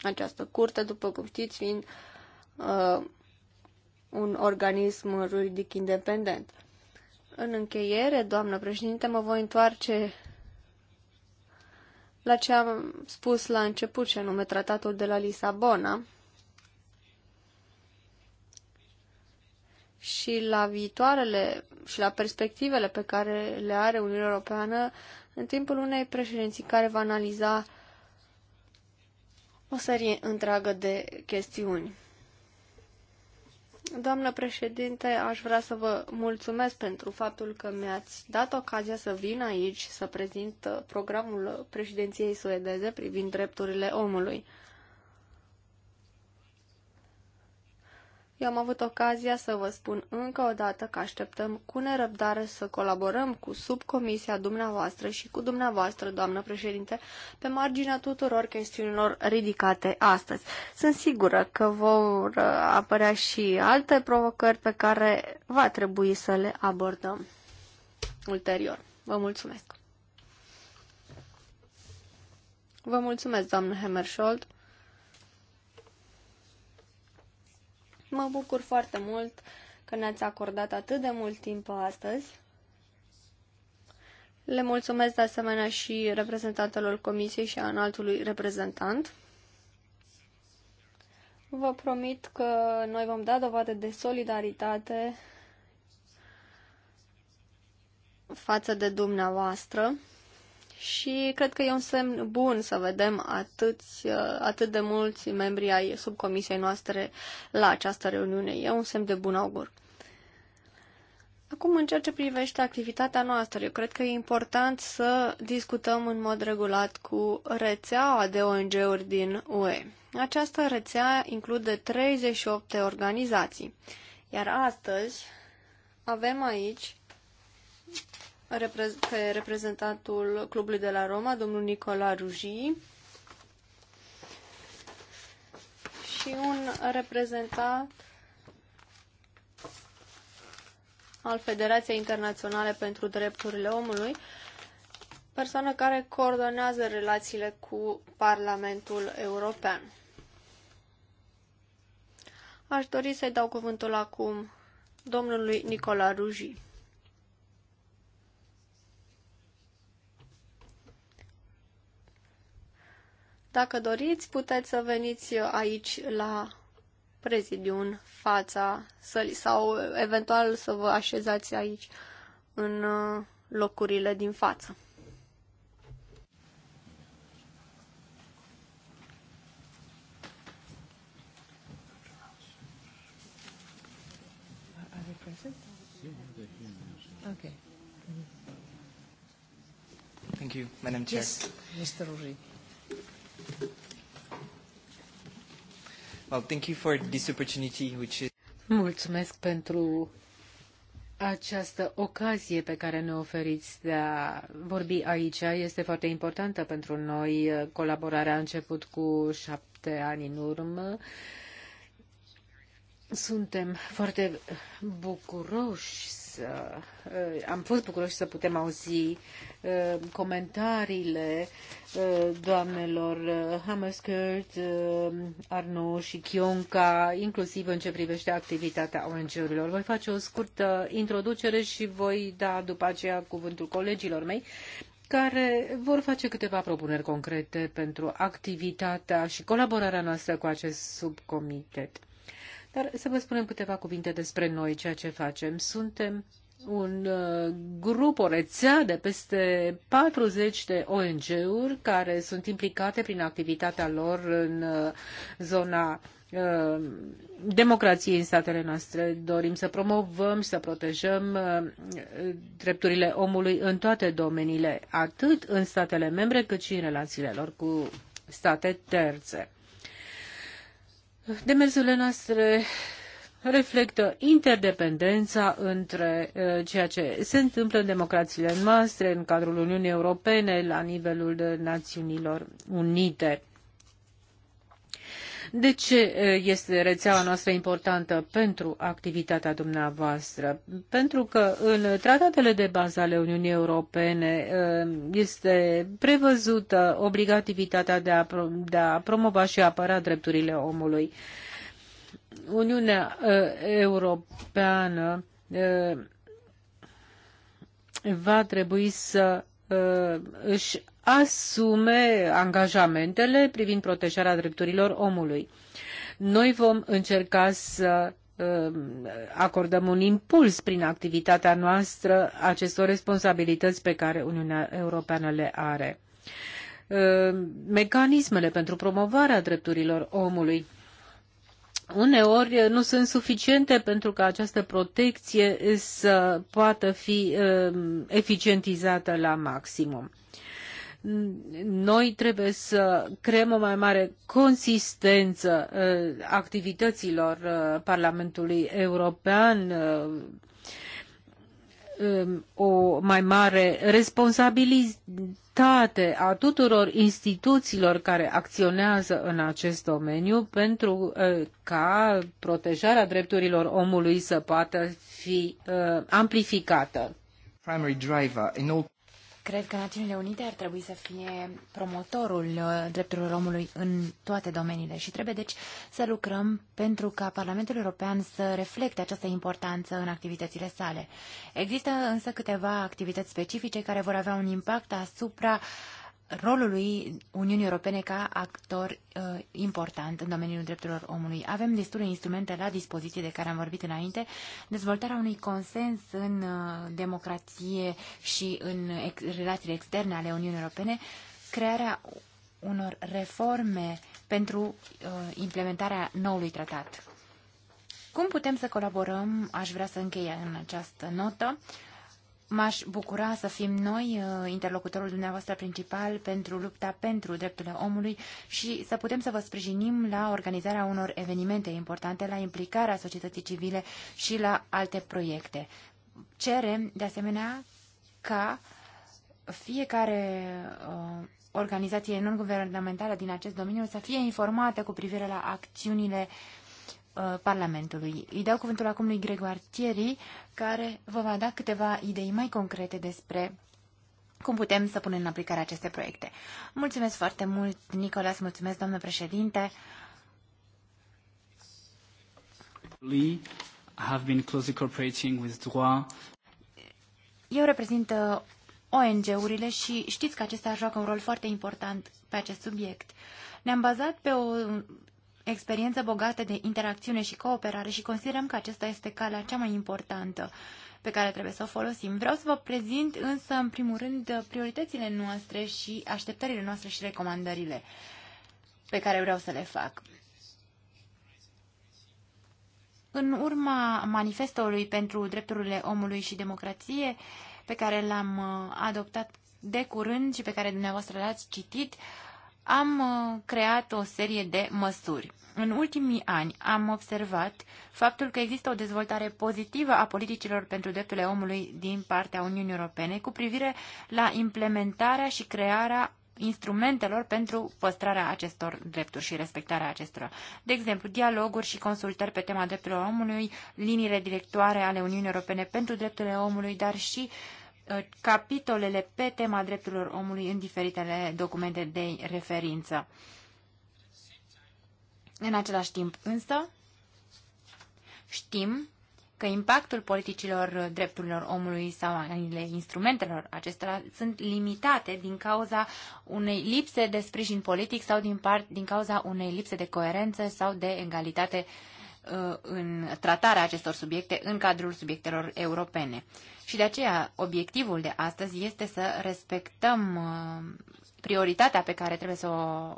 Această curte, după cum știți, fiind uh, un organism juridic independent. În încheiere, doamnă președinte, mă voi întoarce la ce am spus la început, și anume tratatul de la Lisabona și la viitoarele și la perspectivele pe care le are Uniunea Europeană în timpul unei președinții care va analiza o serie întreagă de chestiuni. Doamnă președinte, aș vrea să vă mulțumesc pentru faptul că mi-ați dat ocazia să vin aici să prezint programul președinției suedeze privind drepturile omului. Eu am avut ocazia să vă spun încă o dată că așteptăm cu nerăbdare să colaborăm cu subcomisia dumneavoastră și cu dumneavoastră, doamnă președinte, pe marginea tuturor chestiunilor ridicate astăzi. Sunt sigură că vor apărea și alte provocări pe care va trebui să le abordăm ulterior. Vă mulțumesc! Vă mulțumesc, doamnă Hemmerschold. Mă bucur foarte mult că ne-ați acordat atât de mult timp astăzi. Le mulțumesc de asemenea și reprezentantelor comisiei și a înaltului reprezentant. Vă promit că noi vom da dovadă de solidaritate față de dumneavoastră și cred că e un semn bun să vedem atâți, atât de mulți membri ai subcomisiei noastre la această reuniune. E un semn de bun augur. Acum, în ceea ce privește activitatea noastră, eu cred că e important să discutăm în mod regulat cu rețeaua de ONG-uri din UE. Această rețea include 38 de organizații, iar astăzi avem aici că e reprezentantul clubului de la Roma, domnul Nicola Ruji, și un reprezentant al Federației Internaționale pentru Drepturile Omului, persoană care coordonează relațiile cu Parlamentul European. Aș dori să-i dau cuvântul acum domnului Nicola Ruji. Dacă doriți, puteți să veniți aici la prezidiu în fața sălii sau eventual să vă așezați aici în uh, locurile din față. Okay. Thank you, Madam Chair. Yes, Mr. Uri. Well, thank you for this opportunity, which is... Mulțumesc pentru această ocazie pe care ne oferiți de a vorbi aici este foarte importantă pentru noi. Colaborarea a început cu șapte ani în urmă. Suntem foarte bucuroși să uh, am fost bucuroși să putem auzi uh, comentariile uh, doamnelor Hammerskirt, Arno și Chionca, inclusiv în ce privește activitatea ONG-urilor. Voi face o scurtă introducere și voi da după aceea cuvântul colegilor mei care vor face câteva propuneri concrete pentru activitatea și colaborarea noastră cu acest subcomitet. Dar să vă spunem câteva cuvinte despre noi, ceea ce facem. Suntem un uh, grup, o rețea de peste 40 de ONG-uri care sunt implicate prin activitatea lor în uh, zona uh, democrației în statele noastre. Dorim să promovăm și să protejăm drepturile omului în toate domeniile, atât în statele membre cât și în relațiile lor cu state terțe. Demersurile noastre reflectă interdependența între uh, ceea ce se întâmplă în democrațiile noastre, în cadrul Uniunii Europene, la nivelul Națiunilor Unite. De ce este rețeaua noastră importantă pentru activitatea dumneavoastră? Pentru că în tratatele de bază ale Uniunii Europene este prevăzută obligativitatea de a, de a promova și apăra drepturile omului. Uniunea Europeană va trebui să își asume angajamentele privind protejarea drepturilor omului. Noi vom încerca să um, acordăm un impuls prin activitatea noastră acestor responsabilități pe care Uniunea Europeană le are. Um, mecanismele pentru promovarea drepturilor omului uneori nu sunt suficiente pentru ca această protecție să poată fi um, eficientizată la maximum. Noi trebuie să creăm o mai mare consistență uh, activităților uh, Parlamentului European uh, um, o mai mare responsabilitate a tuturor instituțiilor care acționează în acest domeniu pentru ca protejarea drepturilor omului să poată fi amplificată. Cred că Națiunile Unite ar trebui să fie promotorul uh, drepturilor omului în toate domeniile și trebuie deci să lucrăm pentru ca Parlamentul European să reflecte această importanță în activitățile sale. Există însă câteva activități specifice care vor avea un impact asupra rolului Uniunii Europene ca actor uh, important în domeniul drepturilor omului. Avem destule instrumente la dispoziție de care am vorbit înainte, dezvoltarea unui consens în uh, democrație și în ex relațiile externe ale Uniunii Europene, crearea unor reforme pentru uh, implementarea noului tratat. Cum putem să colaborăm, aș vrea să încheie în această notă, uh, M-aș bucura să fim noi uh, interlocutorul dumneavoastră principal pentru lupta pentru drepturile omului și să putem să vă sprijinim la organizarea unor evenimente importante, la implicarea societății civile și la alte proiecte. Cerem, de asemenea, ca fiecare uh, organizație non-guvernamentală din acest domeniu să fie informată cu privire la acțiunile uh, Uh, Parlamentului. Îi dau cuvântul acum lui Gregoar Thierry, care vă va da câteva idei mai concrete despre cum putem să punem în aplicare aceste proiecte. Mulțumesc foarte mult, Nicolas, mulțumesc, domnule președinte. have been closely cooperating with Eu reprezint uh, ONG-urile și știți că acestea joacă un rol foarte important pe acest subiect. Ne-am bazat pe o experiență bogată de interacțiune și cooperare și considerăm că acesta este calea cea mai importantă pe care trebuie să o folosim. Vreau să vă prezint însă, în primul rând, prioritățile noastre și așteptările noastre și recomandările pe care vreau să le fac. În urma manifestului pentru drepturile omului și democrație, pe care l-am uh, adoptat de curând și pe care dumneavoastră l-ați citit, uh, am uh, creat o serie de măsuri. În ultimii ani am observat faptul că există o dezvoltare pozitivă a politicilor pentru drepturile omului din partea Uniunii Europene cu privire la implementarea și crearea instrumentelor pentru păstrarea acestor drepturi și respectarea acestora. De exemplu, dialoguri și consultări pe tema drepturilor omului, liniile directoare ale Uniunii Europene pentru drepturile omului, dar și uh, Uh, capitolele pe tema drepturilor omului în diferitele documente de referință. În același timp însă știm că impactul politicilor drepturilor omului sau ale instrumentelor acestora sunt limitate din cauza unei lipse de sprijin politic sau din, part, din cauza unei lipse de coerență sau de egalitate uh, Uh, în tratarea acestor subiecte în cadrul subiectelor europene. Și de aceea obiectivul de astăzi este să respectăm uh, prioritatea pe care trebuie să o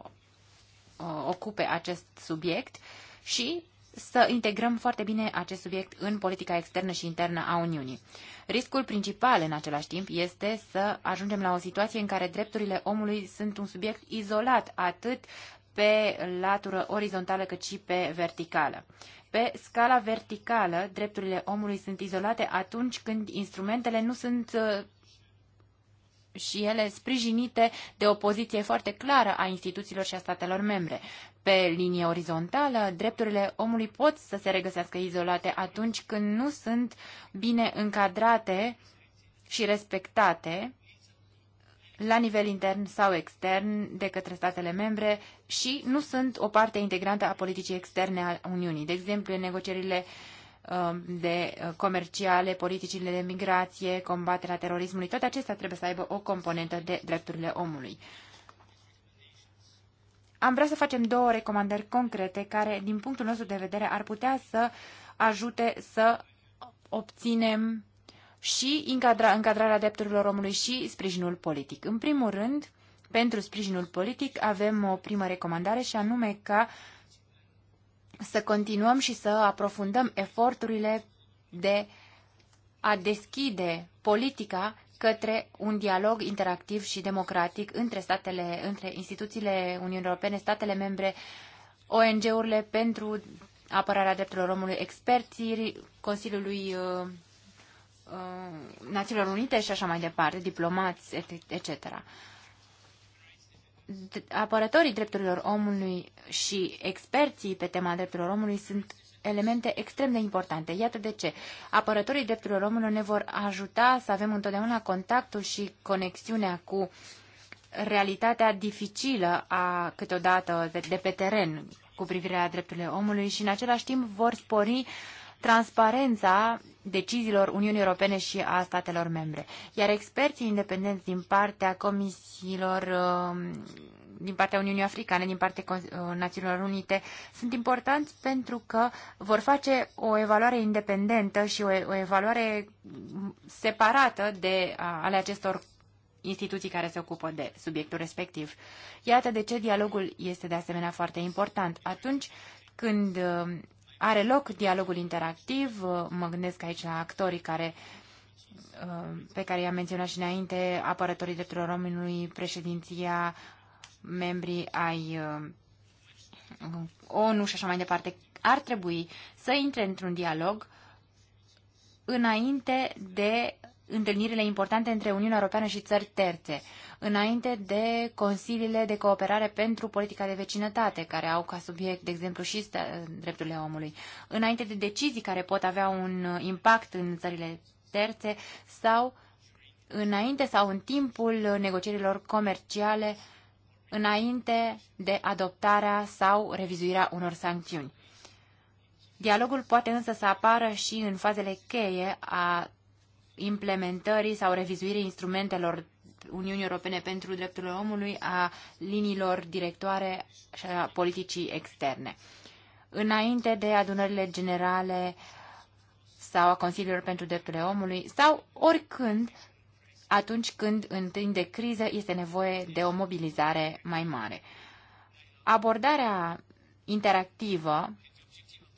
ocupe acest subiect și să integrăm foarte bine acest subiect în politica externă și internă a Uniunii. Riscul principal în același timp este să ajungem la o situație în care drepturile omului sunt un subiect izolat atât pe latură orizontală cât și pe verticală. Pe scala verticală, drepturile omului sunt izolate atunci când instrumentele nu sunt uh, și ele sprijinite de o poziție foarte clară a instituțiilor și a statelor membre. Pe linie orizontală, drepturile omului pot să se regăsească izolate atunci când nu sunt bine încadrate și respectate la nivel intern sau extern de către statele membre și nu sunt o parte integrantă a politicii externe a Uniunii. De exemplu, în negocierile um, de uh, comerciale, politicile de migrație, combaterea terorismului, toate acestea trebuie să aibă o componentă de drepturile omului. Am vrea să facem două recomandări concrete care, din punctul nostru de vedere, ar putea să ajute să obținem și încadra, încadrarea drepturilor omului și sprijinul politic. În primul rând, pentru sprijinul politic avem o primă recomandare și anume ca să continuăm și să aprofundăm eforturile de a deschide politica către un dialog interactiv și democratic între statele, între instituțiile Uniunii Europene, statele membre, ONG-urile pentru apărarea drepturilor omului, experții Consiliului uh, Uh, Națiunilor Unite și așa mai departe, diplomați, etc. Apărătorii drepturilor omului și experții pe tema drepturilor omului sunt elemente extrem de importante. Iată de ce. Apărătorii drepturilor omului ne vor ajuta să avem întotdeauna contactul și conexiunea cu realitatea dificilă a câteodată de, de pe teren cu privire la drepturile omului și în același timp vor spori transparența deciziilor Uniunii Europene și a statelor membre. Iar experții independenți din partea comisiilor um, din partea Uniunii Africane, din partea uh, Națiunilor Unite, sunt importanți pentru că vor face o evaluare independentă și o, o evaluare separată de ale acestor instituții care se ocupă de subiectul respectiv. Iată de ce dialogul este de asemenea foarte important. Atunci când um, are loc dialogul interactiv, uh, mă gândesc aici la actorii care uh, pe care i-am menționat și înainte, apărătorii drepturilor omului, președinția, membrii ai uh, ONU și așa mai departe, ar trebui să intre într-un dialog înainte de întâlnirile importante între Uniunea Europeană și țări terțe, înainte de consiliile de cooperare pentru politica de vecinătate, care au ca subiect, de exemplu, și drepturile omului, înainte de decizii care pot avea un impact în țările terțe sau înainte sau în timpul negocierilor comerciale, înainte de adoptarea sau revizuirea unor sancțiuni. Dialogul poate însă să apară și în fazele cheie a implementării sau revizuirii instrumentelor Uniunii Europene pentru Drepturile Omului, a liniilor directoare și a politicii externe. Înainte de adunările generale sau a Consiliului pentru Drepturile Omului sau oricând, atunci când în timp de criză este nevoie de o mobilizare mai mare. Abordarea interactivă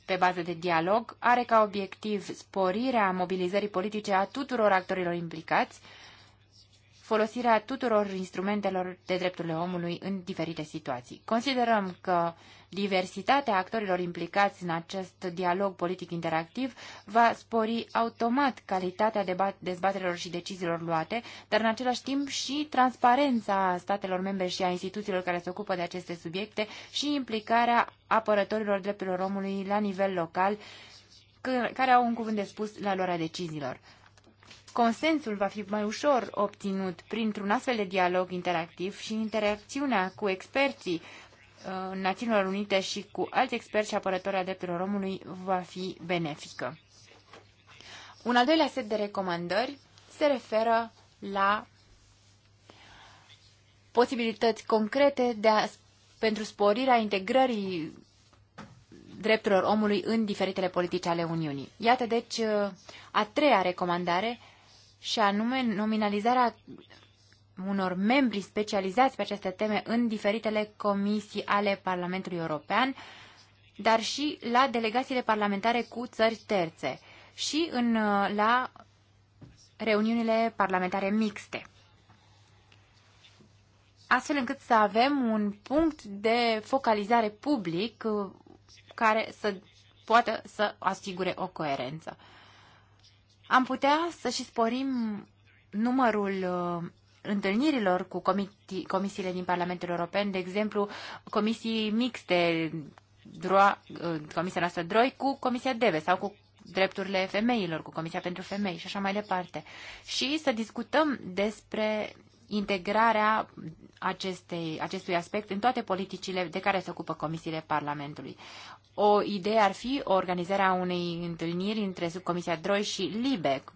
pe bază de dialog are ca obiectiv sporirea mobilizării politice a tuturor actorilor implicați, folosirea tuturor instrumentelor de drepturile omului în diferite situații. Considerăm că diversitatea actorilor implicați în acest dialog politic interactiv va spori automat calitatea dezbaterilor și deciziilor luate, dar în același timp și transparența statelor membre și a instituțiilor care se ocupă de aceste subiecte și implicarea apărătorilor drepturilor omului la nivel local, care au un cuvânt de spus la luarea deciziilor. Consensul va fi mai ușor obținut printr-un astfel de dialog interactiv și interacțiunea cu experții uh, Națiunilor Unite și cu alți experți și apărători a drepturilor omului va fi benefică. Un al doilea set de recomandări se referă la posibilități concrete de a, pentru sporirea integrării drepturilor omului în diferitele politici ale Uniunii. Iată, deci, uh, a treia recomandare și anume nominalizarea unor membri specializați pe aceste teme în diferitele comisii ale Parlamentului European, dar și la delegațiile parlamentare cu țări terțe și în, uh, la reuniunile parlamentare mixte. Astfel încât să avem un punct de focalizare public uh, care să poată să asigure o coerență am putea să și sporim numărul uh, întâlnirilor cu comisii, comisiile din Parlamentul European, de exemplu, comisii mixte, droa, uh, comisia noastră DROI cu comisia DEVE sau cu drepturile femeilor, cu Comisia pentru Femei și așa mai departe. Și să discutăm despre integrarea acestei, acestui aspect în toate politicile de care se ocupă comisiile Parlamentului. O idee ar fi organizarea unei întâlniri între subcomisia DROI și LIBEC,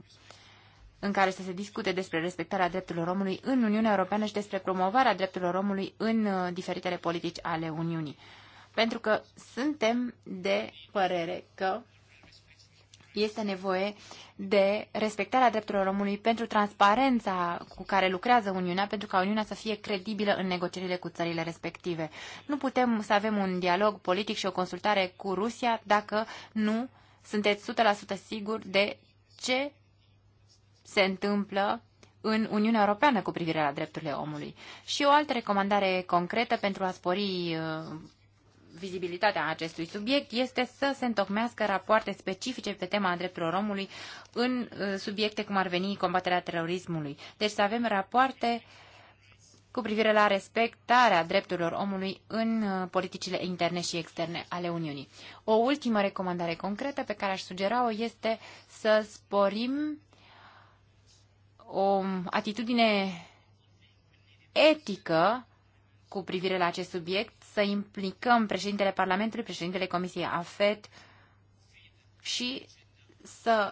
în care să se discute despre respectarea drepturilor omului în Uniunea Europeană și despre promovarea drepturilor omului în uh, diferitele politici ale Uniunii. Pentru că suntem de părere că este nevoie de respectarea drepturilor omului pentru transparența cu care lucrează Uniunea, pentru ca Uniunea să fie credibilă în negocierile cu țările respective. Nu putem să avem un dialog politic și o consultare cu Rusia dacă nu sunteți 100% siguri de ce se întâmplă în Uniunea Europeană cu privire la drepturile omului. Și o altă recomandare concretă pentru a spori uh, vizibilitatea acestui subiect este să se întocmească rapoarte specifice pe tema drepturilor omului în uh, subiecte cum ar veni combaterea terorismului. Deci să avem rapoarte cu privire la respectarea drepturilor omului în uh, politicile interne și externe ale Uniunii. O ultimă recomandare concretă pe care aș sugera-o este să sporim o atitudine etică cu privire la acest subiect, să implicăm președintele Parlamentului, președintele Comisiei AFET și să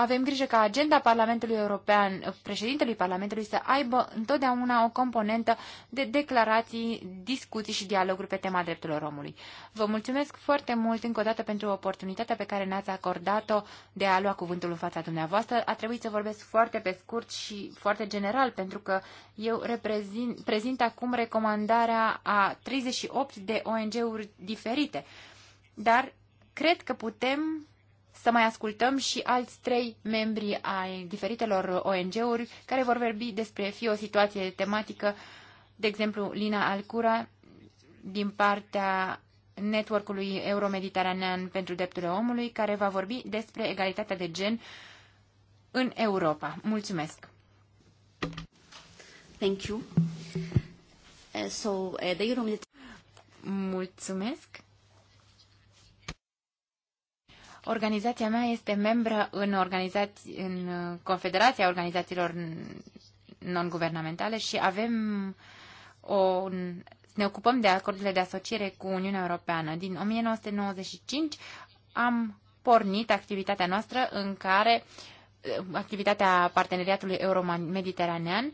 avem grijă ca agenda Parlamentului European, președintelui Parlamentului, să aibă întotdeauna o componentă de declarații, discuții și dialoguri pe tema drepturilor omului. Vă mulțumesc foarte mult încă o dată pentru oportunitatea pe care ne-ați acordat-o de a lua cuvântul în fața dumneavoastră. A trebuit să vorbesc foarte pe scurt și foarte general, pentru că eu reprezint, prezint acum recomandarea a 38 de ONG-uri diferite. Dar cred că putem să mai ascultăm și alți trei membri ai diferitelor ONG-uri care vor vorbi despre fie o situație tematică, de exemplu Lina Alcura din partea networkului euromediteranean pentru drepturile omului, care va vorbi despre egalitatea de gen în Europa. Mulțumesc! Thank you. Uh, so, uh, the Euromediter- Mulțumesc! Organizația mea este membră în, organizați, în Confederația Organizațiilor Non-Guvernamentale și avem o, ne ocupăm de acordurile de asociere cu Uniunea Europeană. Din 1995 am pornit activitatea noastră în care activitatea parteneriatului euromediteranean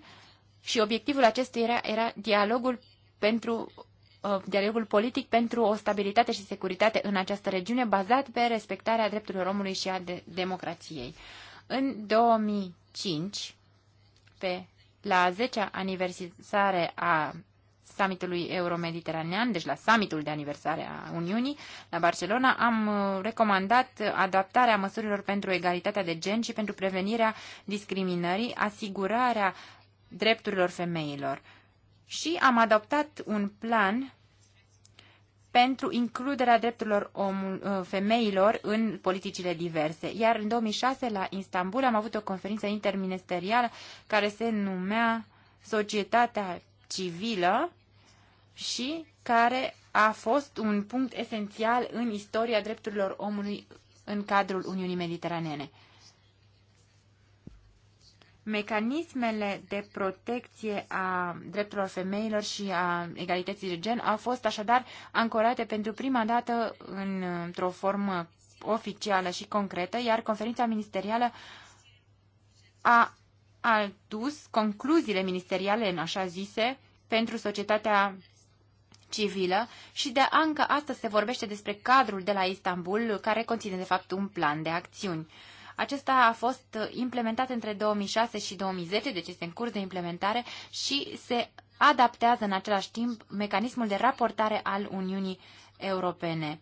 și obiectivul acestui era, era dialogul pentru dialogul uh, politic pentru o stabilitate și securitate în această regiune bazat pe respectarea drepturilor omului și a de democrației. În 2005, pe, la 10-a aniversare a summitului euromediteranean, deci la summitul de aniversare a Uniunii la Barcelona, am uh, recomandat adaptarea măsurilor pentru egalitatea de gen și pentru prevenirea discriminării, asigurarea drepturilor femeilor și am adoptat un plan pentru includerea drepturilor omul, uh, femeilor în politicile diverse. Iar în 2006 la Istanbul am avut o conferință interministerială care se numea Societatea Civilă și care a fost un punct esențial în istoria drepturilor omului în cadrul Uniunii Mediteranene mecanismele de protecție a drepturilor femeilor și a egalității de gen au fost așadar ancorate pentru prima dată într-o formă oficială și concretă, iar conferința ministerială a adus concluziile ministeriale în așa zise pentru societatea civilă și de ancă astăzi se vorbește despre cadrul de la Istanbul, care conține de fapt un plan de acțiuni. Acesta a fost implementat între 2006 și 2010, deci este în curs de implementare și se adaptează în același timp mecanismul de raportare al Uniunii Europene.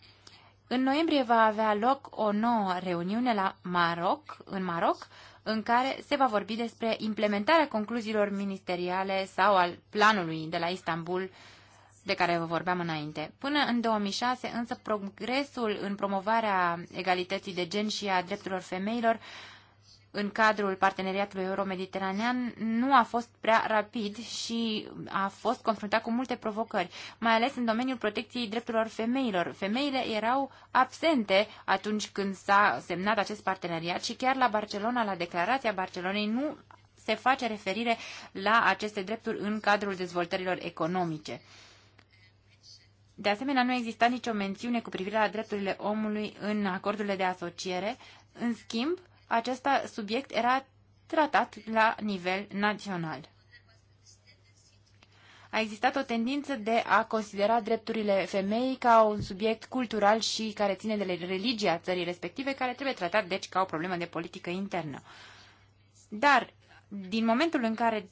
În noiembrie va avea loc o nouă reuniune la Maroc, în Maroc, în care se va vorbi despre implementarea concluziilor ministeriale sau al planului de la Istanbul de care vă vorbeam înainte. Până în 2006, însă, progresul în promovarea egalității de gen și a drepturilor femeilor în cadrul parteneriatului euromediteranean nu a fost prea rapid și a fost confruntat cu multe provocări, mai ales în domeniul protecției drepturilor femeilor. Femeile erau absente atunci când s-a semnat acest parteneriat și chiar la Barcelona, la declarația Barcelonei, nu se face referire la aceste drepturi în cadrul dezvoltărilor economice. De asemenea, nu exista nicio mențiune cu privire la drepturile omului în acordurile de asociere. În schimb, acest subiect era tratat la nivel național. A existat o tendință de a considera drepturile femeii ca un subiect cultural și care ține de religia țării respective, care trebuie tratat, deci, ca o problemă de politică internă. Dar, din momentul în care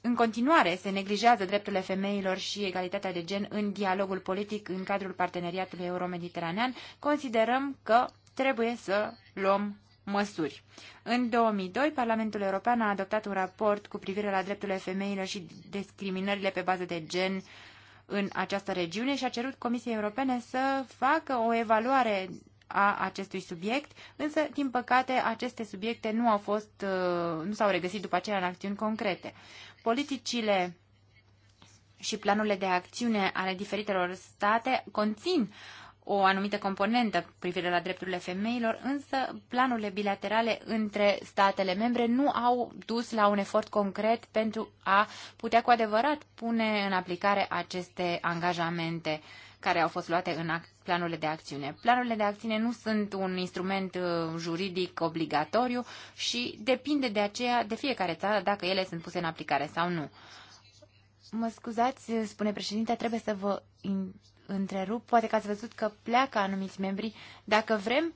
în continuare se neglijează drepturile femeilor și egalitatea de gen în dialogul politic în cadrul parteneriatului euromediteranean, considerăm că trebuie să luăm măsuri. În 2002, Parlamentul European a adoptat un raport cu privire la drepturile femeilor și discriminările pe bază de gen în această regiune și a cerut Comisiei Europene să facă o evaluare a acestui subiect, însă, din păcate, aceste subiecte nu au fost, uh, nu s-au regăsit după aceea în acțiuni concrete. Politicile și planurile de acțiune ale diferitelor state conțin o anumită componentă privire la drepturile femeilor, însă planurile bilaterale între statele membre nu au dus la un efort concret pentru a putea cu adevărat pune în aplicare aceste angajamente care au fost luate în planurile de acțiune. Planurile de acțiune nu sunt un instrument uh, juridic obligatoriu și depinde de aceea de fiecare țară dacă ele sunt puse în aplicare sau nu. Mă scuzați, spune președinte, trebuie să vă întrerup. Poate că ați văzut că pleacă anumiți membri. Dacă vrem,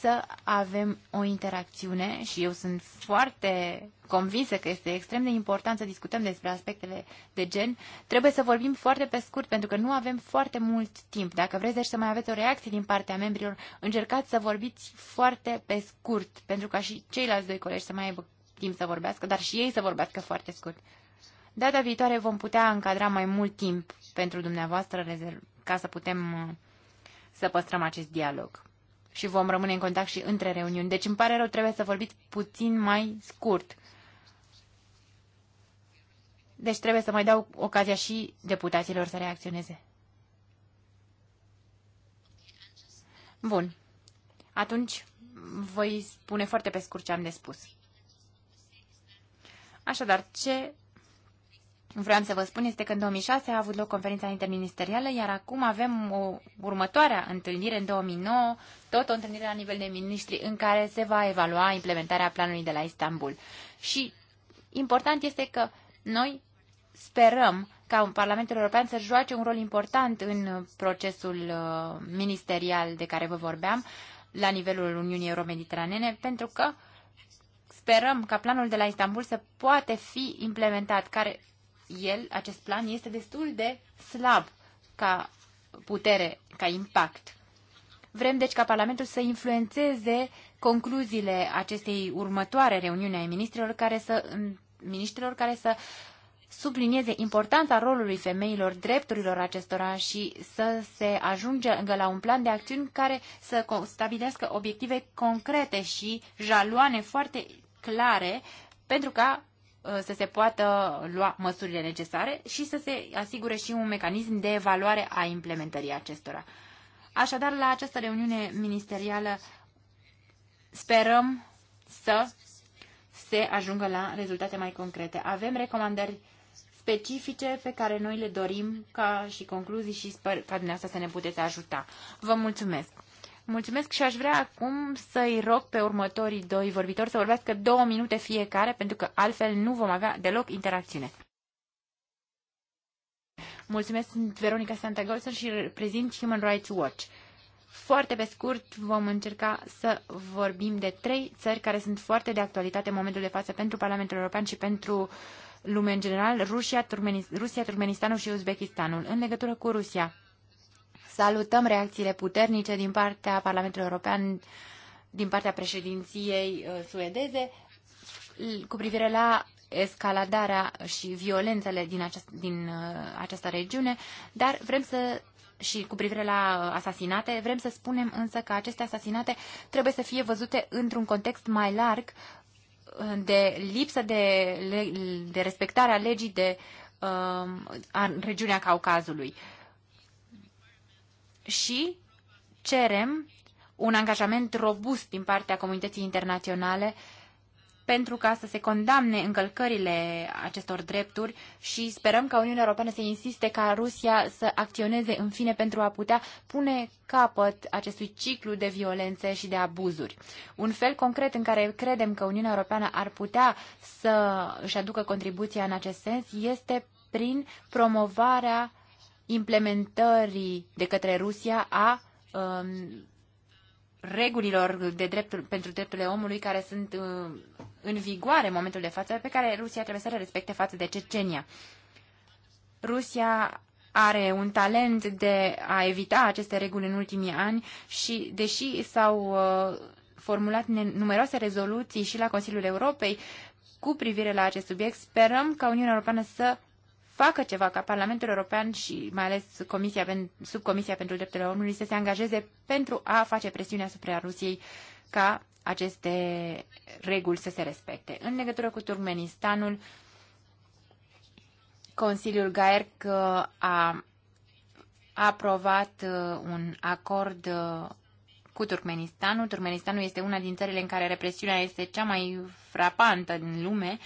să avem o interacțiune și eu sunt foarte convinsă că este extrem de important să discutăm despre aspectele de gen. Trebuie să vorbim foarte pe scurt pentru că nu avem foarte mult timp. Dacă vreți deci să mai aveți o reacție din partea membrilor, încercați să vorbiți foarte pe scurt pentru ca și ceilalți doi colegi să mai aibă timp să vorbească, dar și ei să vorbească foarte scurt. Data viitoare vom putea încadra mai mult timp pentru dumneavoastră ca să putem uh, să păstrăm acest dialog și vom rămâne în contact și între reuniuni. Deci îmi pare rău, trebuie să vorbiți puțin mai scurt. Deci trebuie să mai dau ocazia și deputaților să reacționeze. Bun. Atunci voi spune foarte pe scurt ce am de spus. Așadar, ce vreau să vă spun este că în 2006 a avut loc conferința interministerială, iar acum avem o următoarea întâlnire în 2009, tot o întâlnire la nivel de ministri în care se va evalua implementarea planului de la Istanbul. Și important este că noi sperăm ca Parlamentul European să joace un rol important în procesul uh, ministerial de care vă vorbeam la nivelul Uniunii Euromediteranene, pentru că sperăm ca planul de la Istanbul să poate fi implementat, care el, acest plan este destul de slab ca putere, ca impact. Vrem deci ca Parlamentul să influențeze concluziile acestei următoare reuniuni a ministrilor care să, ministrilor care să sublinieze importanța rolului femeilor, drepturilor acestora și să se ajungă la un plan de acțiuni care să stabilească obiective concrete și jaloane foarte clare pentru ca Uh, să se poată lua măsurile necesare și să se asigure și un mecanism de evaluare a implementării acestora. Așadar, la această reuniune ministerială sperăm să se ajungă la rezultate mai concrete. Avem recomandări specifice pe care noi le dorim ca și concluzii și sper ca dumneavoastră să ne puteți ajuta. Vă mulțumesc! Mulțumesc și aș vrea acum să-i rog pe următorii doi vorbitori să vorbească două minute fiecare, pentru că altfel nu vom avea deloc interacțiune. Mulțumesc, sunt Veronica Golson și reprezint Human Rights Watch. Foarte pe scurt vom încerca să vorbim de trei țări care sunt foarte de actualitate în momentul de față pentru Parlamentul European și pentru lume în general, Rusia, Rusia Turmenistanul și Uzbekistanul. În legătură cu Rusia, Salutăm reacțiile puternice din partea Parlamentului European, din partea președinției uh, suedeze, cu privire la escaladarea și violențele din, aceast, din uh, această regiune, dar vrem să și cu privire la uh, asasinate, vrem să spunem însă că aceste asasinate trebuie să fie văzute într-un context mai larg de lipsă de, de respectare a legii de uh, a regiunea Caucazului. Uh, și cerem un angajament robust din partea comunității internaționale pentru ca să se condamne încălcările acestor drepturi și sperăm ca Uniunea Europeană să insiste ca Rusia să acționeze în fine pentru a putea pune capăt acestui ciclu de violențe și de abuzuri. Un fel concret în care credem că Uniunea Europeană ar putea să își aducă contribuția în acest sens este prin promovarea uh, implementării de către Rusia a um, regulilor de dreptul, pentru drepturile omului care sunt um, în vigoare în momentul de față, pe care Rusia trebuie să le respecte față de Cecenia. Rusia are un talent de a evita aceste reguli în ultimii ani și, deși s-au uh, formulat numeroase rezoluții și la Consiliul Europei cu privire la acest subiect, sperăm ca Uniunea Europeană să facă ceva ca Parlamentul European și mai ales Comisia, Subcomisia pentru Drepturile Omului să se angajeze pentru a face presiune asupra Rusiei ca aceste reguli să se respecte. În legătură cu Turkmenistanul, Consiliul GAERC uh, a aprobat uh, un acord uh, cu Turkmenistanul. Turkmenistanul este una din țările în care represiunea este cea mai frapantă din lume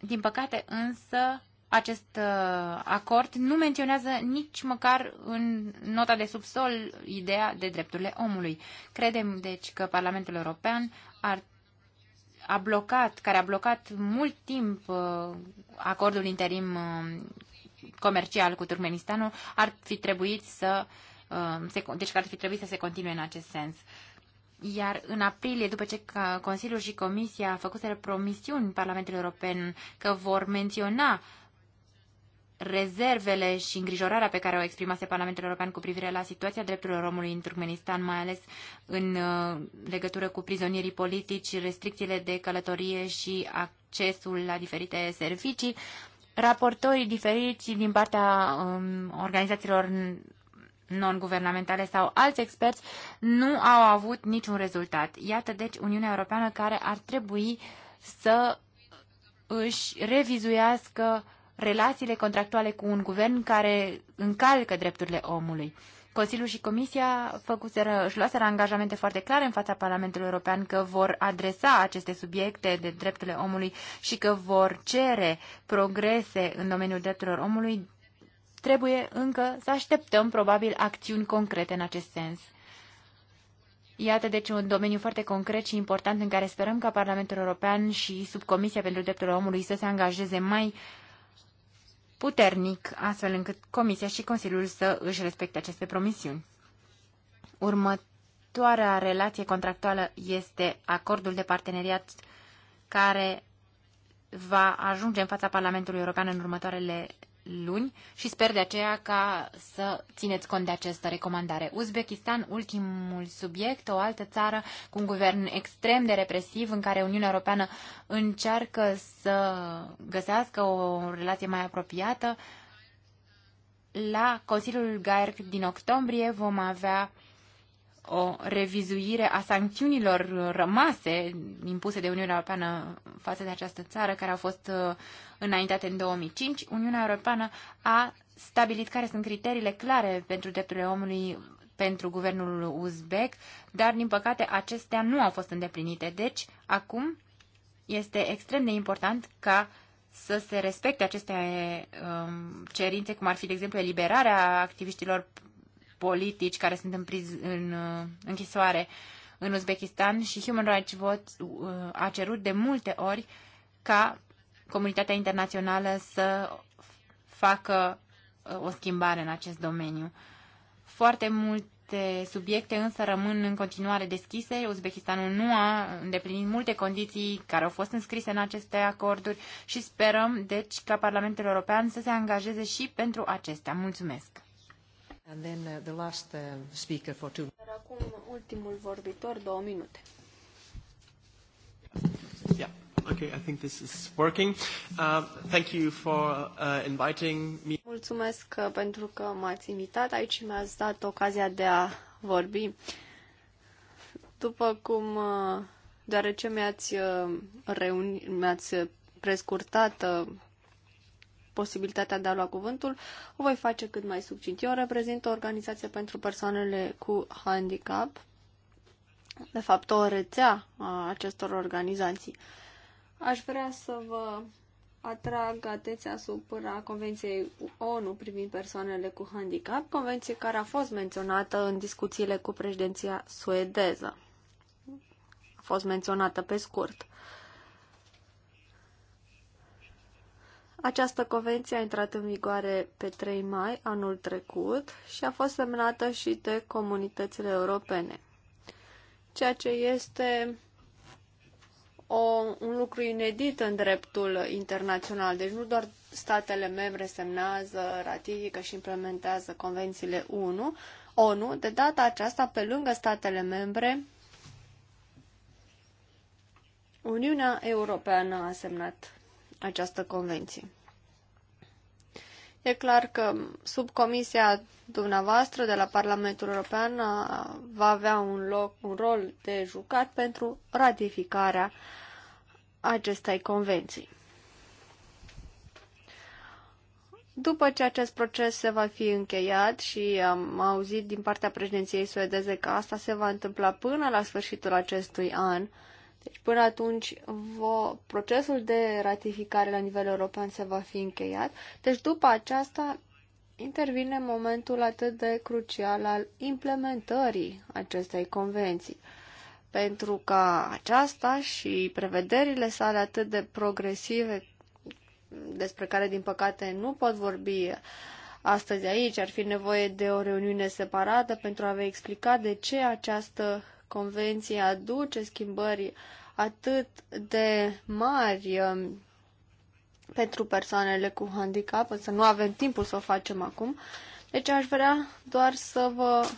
Din păcate însă, acest uh, acord nu menționează nici măcar în nota de subsol ideea de drepturile omului. Credem, deci, că Parlamentul European ar, a blocat, care a blocat mult timp uh, acordul interim uh, comercial cu Turkmenistanul, ar fi trebuit să se, deci că ar fi trebuit să se continue în acest sens. Iar în aprilie, după ce Consiliul și Comisia făcut promisiuni Parlamentului European că vor menționa rezervele și îngrijorarea pe care o exprimase Parlamentul European cu privire la situația drepturilor omului în Turkmenistan, mai ales în uh, legătură cu prizonierii politici, restricțiile de călătorie și accesul la diferite servicii, raportorii diferiți din partea um, organizațiilor non-guvernamentale sau alți experți nu au avut niciun rezultat. Iată deci Uniunea Europeană care ar trebui să își revizuiască relațiile contractuale cu un guvern care încalcă drepturile omului. Consiliul și Comisia făcuseră, își luaseră angajamente foarte clare în fața Parlamentului European că vor adresa aceste subiecte de drepturile omului și că vor cere progrese în domeniul drepturilor omului trebuie încă să așteptăm probabil acțiuni concrete în acest sens. Iată deci un domeniu foarte concret și important în care sperăm ca Parlamentul European și Subcomisia pentru Drepturile Omului să se angajeze mai puternic, astfel încât Comisia și Consiliul să își respecte aceste promisiuni. Următoarea relație contractuală este acordul de parteneriat care va ajunge în fața Parlamentului European în următoarele luni și sper de aceea ca să țineți cont de această recomandare. Uzbekistan, ultimul subiect, o altă țară cu un guvern extrem de represiv în care Uniunea Europeană încearcă să găsească o relație mai apropiată. La Consiliul GAERC din octombrie vom avea o revizuire a sancțiunilor rămase impuse de Uniunea Europeană față de această țară, care au fost uh, înaintate în 2005, Uniunea Europeană a stabilit care sunt criteriile clare pentru drepturile omului pentru guvernul uzbek, dar, din păcate, acestea nu au fost îndeplinite. Deci, acum este extrem de important ca să se respecte aceste um, cerințe, cum ar fi, de exemplu, eliberarea activiștilor politici care sunt în, priz- în uh, închisoare în Uzbekistan și Human Rights Watch uh, a cerut de multe ori ca comunitatea internațională să facă uh, o schimbare în acest domeniu. Foarte multe subiecte însă rămân în continuare deschise. Uzbekistanul nu a îndeplinit multe condiții care au fost înscrise în aceste acorduri și sperăm, deci, ca Parlamentul European să se angajeze și pentru acestea. Mulțumesc! And then uh, the last uh, speaker for two. Dar acum ultimul vorbitor, două minute. Yeah. Okay, I think this is working. Uh, thank you for uh, inviting me. Mulțumesc uh, pentru că m-ați invitat aici și mi-ați dat ocazia de a vorbi. După cum, deoarece mi-ați reuni, mi-ați prescurtat posibilitatea de a lua cuvântul. O voi face cât mai succint. Eu reprezint o organizație pentru persoanele cu handicap, de fapt o rețea a acestor organizații. Aș vrea să vă atrag atenția asupra Convenției ONU privind persoanele cu handicap, convenție care a fost menționată în discuțiile cu președinția suedeză. A fost menționată pe scurt. Uh, Această convenție a intrat în vigoare pe 3 mai anul trecut și a fost semnată și de comunitățile europene, ceea ce este o, un lucru inedit în dreptul internațional. Deci nu doar statele membre semnează, ratifică și implementează convențiile 1, ONU, de data aceasta, pe lângă statele membre, Uniunea Europeană a semnat această convenție. E clar că subcomisia dumneavoastră de la Parlamentul European va avea un, loc, un rol de jucat pentru ratificarea acestei convenții. După ce acest proces se va fi încheiat și am auzit din partea președinției suedeze că asta se va întâmpla până la sfârșitul acestui an, uh, deci până atunci vo, procesul de ratificare la nivel european se va fi încheiat. Deci după aceasta intervine momentul atât de crucial al implementării acestei convenții. Pentru ca aceasta și prevederile sale atât de progresive, despre care din păcate nu pot vorbi astăzi aici, ar fi nevoie de o reuniune separată pentru a vă explica de ce această convenției aduce schimbări atât de mari um, pentru persoanele cu handicap, însă nu avem timpul să o facem acum. Deci aș vrea doar să vă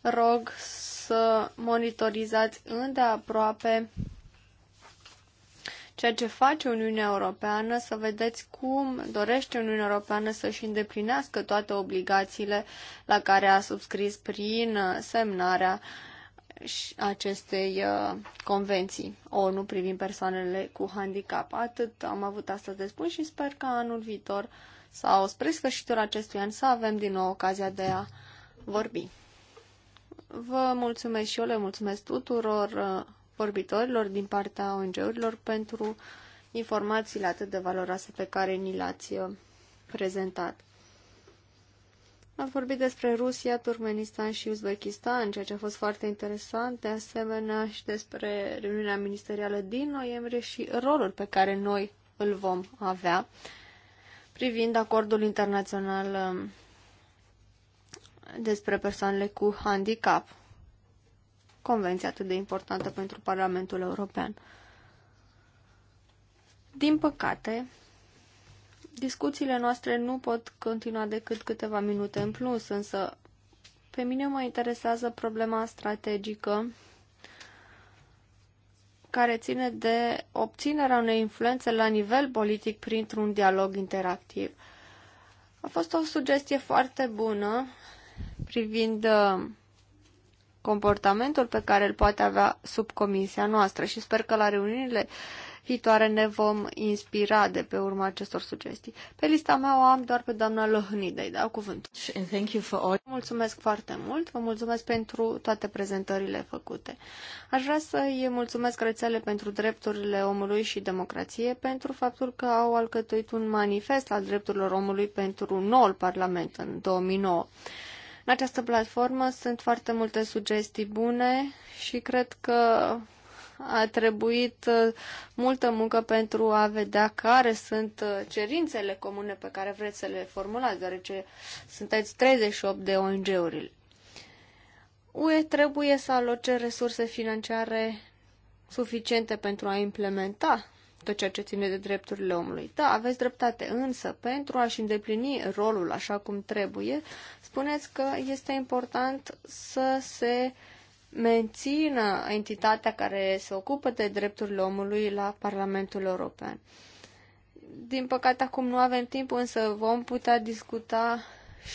rog să monitorizați îndeaproape aproape ceea ce face Uniunea Europeană, să vedeți cum dorește Uniunea Europeană să-și îndeplinească toate obligațiile la care a subscris prin uh, semnarea acestei uh, convenții ONU privind persoanele cu handicap. Atât am avut astăzi de spus și sper că anul viitor sau spre sfârșitul acestui an să avem din nou ocazia de a vorbi. Vă mulțumesc și eu le mulțumesc tuturor uh, vorbitorilor din partea ONG-urilor pentru informațiile atât de valoroase pe care ni le-ați uh, prezentat. Am vorbit despre Rusia, Turkmenistan și Uzbekistan, ceea ce a fost foarte interesant, de asemenea și despre reuniunea ministerială din noiembrie și rolul pe care noi îl vom avea privind acordul internațional um, despre persoanele cu handicap convenție atât de importantă pentru Parlamentul European. Din păcate, discuțiile noastre nu pot continua decât câteva minute în plus, însă pe mine mă interesează problema strategică care ține de obținerea unei influențe la nivel politic printr-un dialog interactiv. A fost o sugestie foarte bună privind uh, comportamentul pe care îl poate avea sub comisia noastră și sper că la reuniunile viitoare ne vom inspira de pe urma acestor sugestii. Pe lista mea o am doar pe doamna Lohnidei, da cuvânt. Mulțumesc foarte mult, vă mulțumesc pentru toate prezentările făcute. Aș vrea să-i mulțumesc rețele pentru drepturile omului și democrație, pentru faptul că au alcătuit un manifest al drepturilor omului pentru noul Parlament în 2009. În această platformă sunt foarte multe sugestii bune și cred că a trebuit uh, multă muncă pentru a vedea care sunt uh, cerințele comune pe care vreți să le formulați, deoarece sunteți 38 de ONG-uri. UE trebuie să aloce resurse financiare suficiente pentru a implementa tot ceea ce ține de drepturile omului. Da, aveți dreptate, însă pentru a-și îndeplini rolul așa cum trebuie, spuneți că este important să se mențină entitatea care se ocupă de drepturile omului la Parlamentul European. Din păcate acum nu avem timp, însă vom putea discuta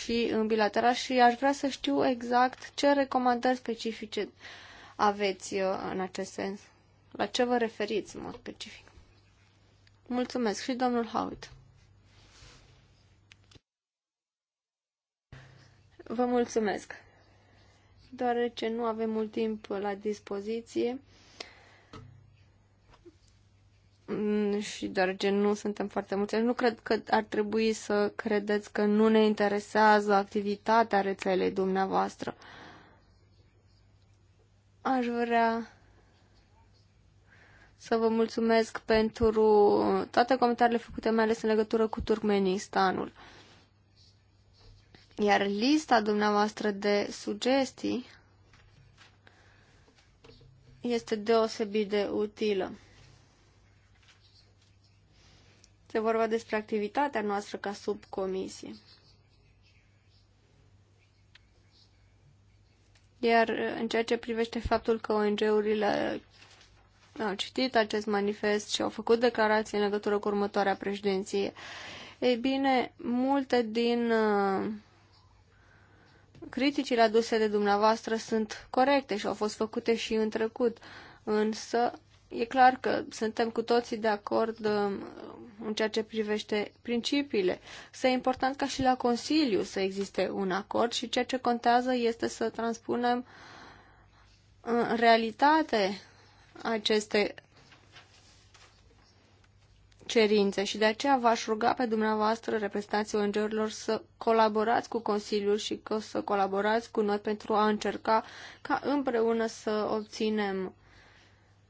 și în bilateral și aș vrea să știu exact ce recomandări specifice aveți uh, în acest sens. La ce vă referiți în mod specific? Mulțumesc și domnul Haut. Vă mulțumesc. Deoarece nu avem mult timp la dispoziție mm, și deoarece nu suntem foarte mulți, nu cred că ar trebui să credeți că nu ne interesează activitatea rețelei dumneavoastră. Aș vrea să vă mulțumesc pentru toate comentariile făcute, mai ales în legătură cu Turkmenistanul. Iar lista dumneavoastră de sugestii este deosebit de utilă. Se vorba despre activitatea noastră ca subcomisie. Iar în ceea ce privește faptul că ONG-urile au citit acest manifest și au făcut declarații în legătură cu următoarea președinție. Ei bine, multe din uh, criticile aduse de dumneavoastră sunt corecte și au fost făcute și în trecut, însă e clar că suntem cu toții de acord uh, în ceea ce privește principiile. Să e important ca și la Consiliu să existe un acord și ceea ce contează este să transpunem uh, în realitate aceste cerințe și de aceea v-aș ruga pe dumneavoastră, reprezentanții ONG-urilor, să colaborați cu Consiliul și că să colaborați cu noi pentru a încerca ca împreună să obținem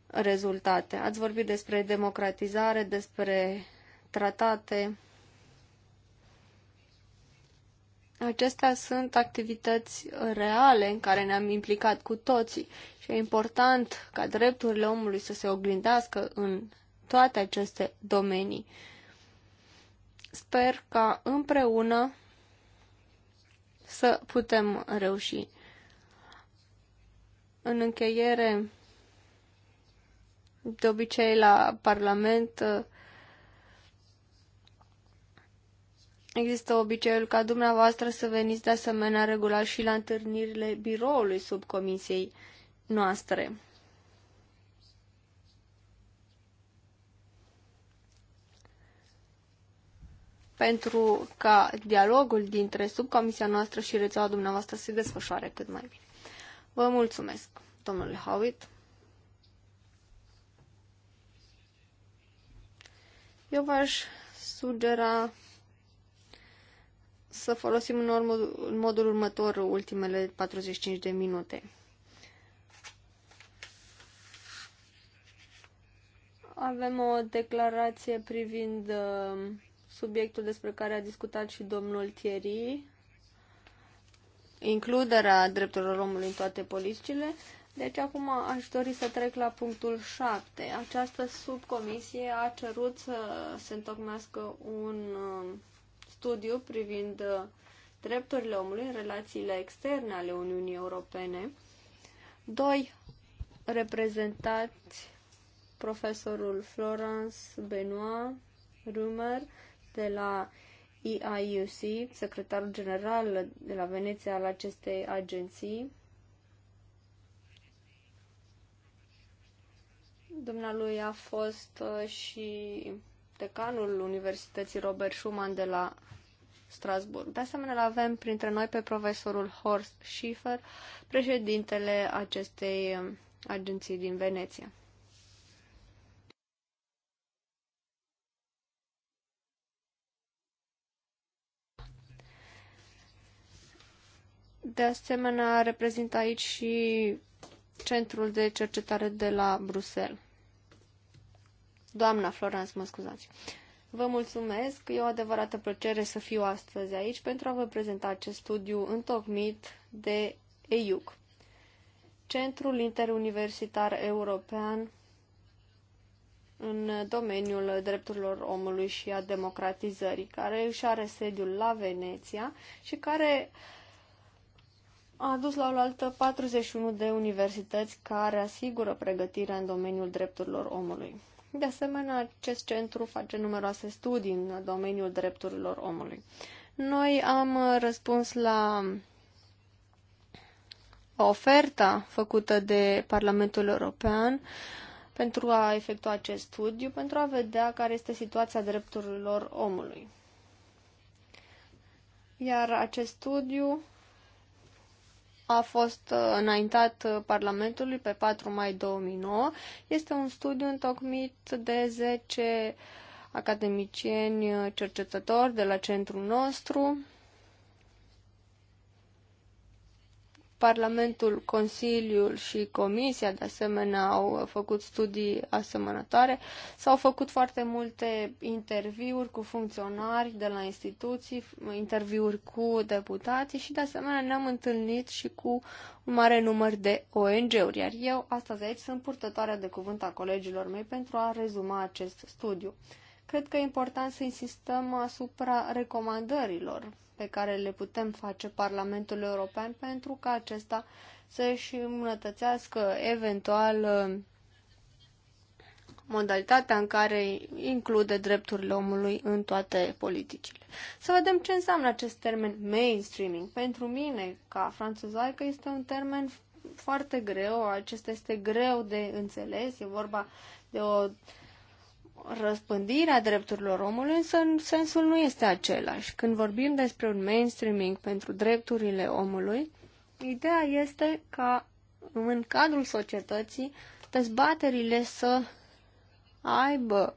rezultate. Ați vorbit despre democratizare, despre tratate, Acestea sunt activități reale în care ne-am implicat cu toții și e important ca drepturile omului să se oglindească în toate aceste domenii. Sper ca împreună să putem reuși. În încheiere, de obicei la Parlament Există obiceiul ca dumneavoastră să veniți de asemenea regulat și la întâlnirile biroului subcomisiei noastre. pentru ca dialogul dintre subcomisia noastră și rețeaua dumneavoastră să se desfășoare cât mai bine. Vă mulțumesc, domnule Howitt. Eu v-aș sugera să folosim în, urmă, în modul următor ultimele 45 de minute. Avem o declarație privind uh, subiectul despre care a discutat și domnul Thierry, includerea drepturilor omului în toate politicile. Deci acum aș dori să trec la punctul 7. Această subcomisie a cerut să se întocmească un uh, studiu privind uh, drepturile omului în relațiile externe ale Uniunii Europene. Doi reprezentați, profesorul Florence Benoit Rumer de la EIUC, secretarul general de la Veneția al acestei agenții, dumnealui a fost uh, și decanul Universității Robert Schuman de la Strasburg. De asemenea, îl avem printre noi pe profesorul Horst Schiffer, președintele acestei um, agenții din Veneția. De asemenea, reprezintă aici și Centrul de Cercetare de la Bruxelles. Doamna Florence, mă scuzați. Vă mulțumesc, e o adevărată plăcere să fiu astăzi aici pentru a vă prezenta acest studiu întocmit de EUC, Centrul Interuniversitar European în domeniul drepturilor omului și a democratizării, care își are sediul la Veneția și care a adus la oaltă 41 de universități care asigură pregătirea în domeniul drepturilor omului. De asemenea, acest centru face numeroase studii în domeniul drepturilor omului. Noi am răspuns la oferta făcută de Parlamentul European pentru a efectua acest studiu, pentru a vedea care este situația drepturilor omului. Iar acest studiu a fost uh, înaintat uh, Parlamentului pe 4 mai 2009. Este un studiu întocmit de 10 academicieni uh, cercetători de la centrul nostru Parlamentul, Consiliul și Comisia, de asemenea, au făcut studii asemănătoare. S-au făcut foarte multe interviuri cu funcționari de la instituții, interviuri cu deputații și, de asemenea, ne-am întâlnit și cu un mare număr de ONG-uri, iar eu, astăzi aici, sunt purtătoarea de cuvânt a colegilor mei pentru a rezuma acest studiu. Cred că e important să insistăm asupra recomandărilor pe care le putem face Parlamentul European pentru ca acesta să-și îmbunătățească eventual uh, modalitatea în care include drepturile omului în toate politicile. Să vedem ce înseamnă acest termen mainstreaming. Pentru mine, ca franțuzaică, este un termen foarte greu, acesta este greu de înțeles, e vorba de o răspândirea drepturilor omului, însă în sensul nu este același. Când vorbim despre un mainstreaming pentru drepturile omului, ideea este ca în cadrul societății dezbaterile să aibă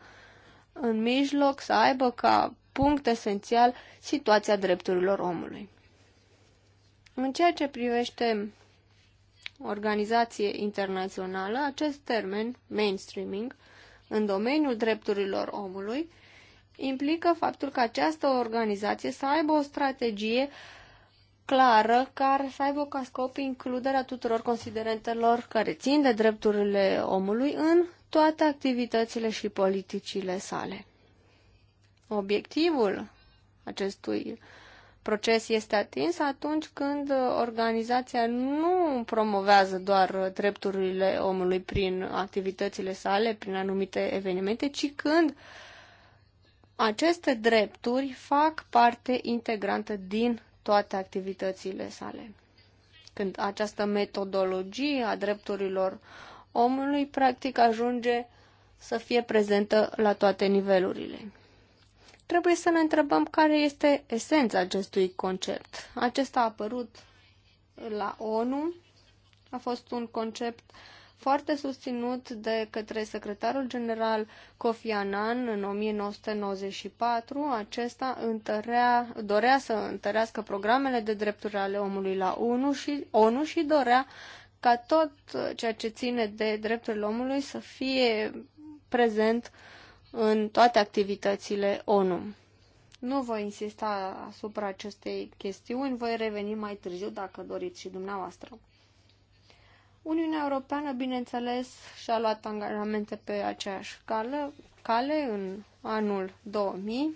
în mijloc, să aibă ca punct esențial situația drepturilor omului. În ceea ce privește organizație internațională, acest termen, mainstreaming, în domeniul drepturilor omului implică faptul că această organizație să aibă o strategie clară care să aibă ca scop includerea tuturor considerentelor care țin de drepturile omului în toate activitățile și politicile sale. Obiectivul acestui proces este atins atunci când organizația nu promovează doar drepturile omului prin activitățile sale, prin anumite evenimente, ci când aceste drepturi fac parte integrantă din toate activitățile sale. Când această metodologie a drepturilor omului practic ajunge să fie prezentă la toate nivelurile trebuie să ne întrebăm care este esența acestui concept. Acesta a apărut la ONU, a fost un concept foarte susținut de către secretarul general Kofi Annan în 1994. Acesta întărea, dorea să întărească programele de drepturi ale omului la ONU și, ONU și dorea ca tot ceea ce ține de drepturile omului să fie prezent uh, în toate activitățile ONU. Nu voi insista asupra acestei chestiuni, voi reveni mai târziu dacă doriți și dumneavoastră. Uniunea Europeană, bineînțeles, și-a luat angajamente pe aceeași cale, cale în anul 2000.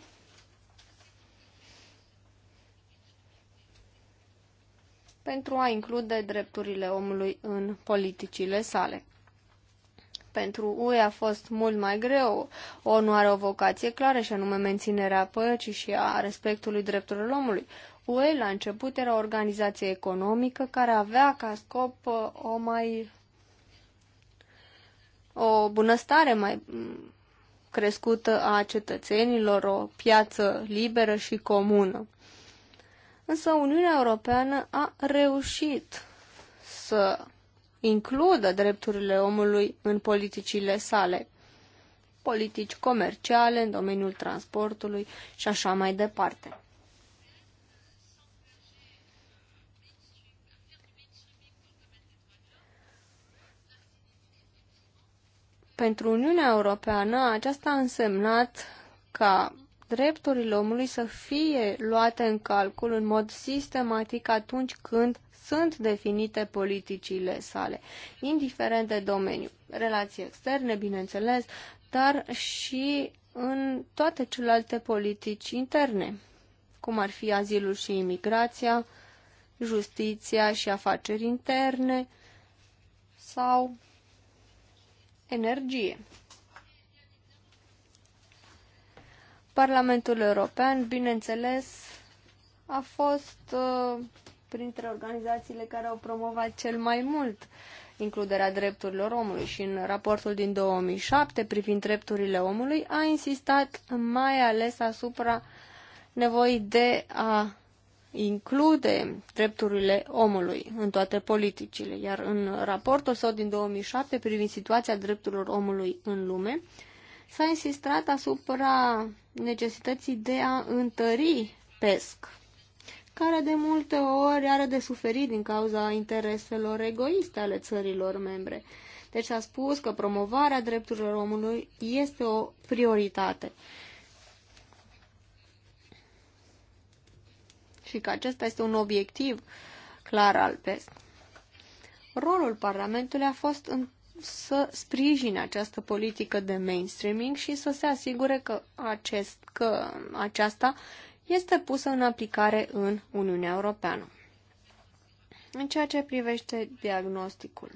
pentru a include drepturile omului în politicile sale pentru UE a fost mult mai greu. ONU are o vocație clară și anume menținerea păcii și a respectului drepturilor omului. UE la început era o organizație economică care avea ca scop uh, o mai o bunăstare mai mm, crescută a cetățenilor, o piață liberă și comună. Însă Uniunea Europeană a reușit să includă drepturile omului în politicile sale, politici comerciale, în domeniul transportului și așa mai departe. Pentru Uniunea Europeană aceasta a însemnat ca drepturile omului să fie luate în calcul în mod sistematic atunci când sunt definite politicile sale, indiferent de domeniu, relații externe, bineînțeles, dar și în toate celelalte politici interne, cum ar fi azilul și imigrația, justiția și afaceri interne sau energie. Parlamentul European, bineînțeles, a fost uh, printre organizațiile care au promovat cel mai mult includerea drepturilor omului și în raportul din 2007 privind drepturile omului a insistat mai ales asupra nevoii de a include drepturile omului în toate politicile, iar în raportul său din 2007 privind situația drepturilor omului în lume, s-a insistat asupra necesității de a întări PESC, care de multe ori are de suferit din cauza intereselor egoiste ale țărilor membre. Deci s-a spus că promovarea drepturilor omului este o prioritate. Și că acesta este un obiectiv clar al PESC. Rolul Parlamentului a fost în să sprijine această politică de mainstreaming și să se asigure că, acest, că aceasta este pusă în aplicare în Uniunea Europeană. În ceea ce privește diagnosticul.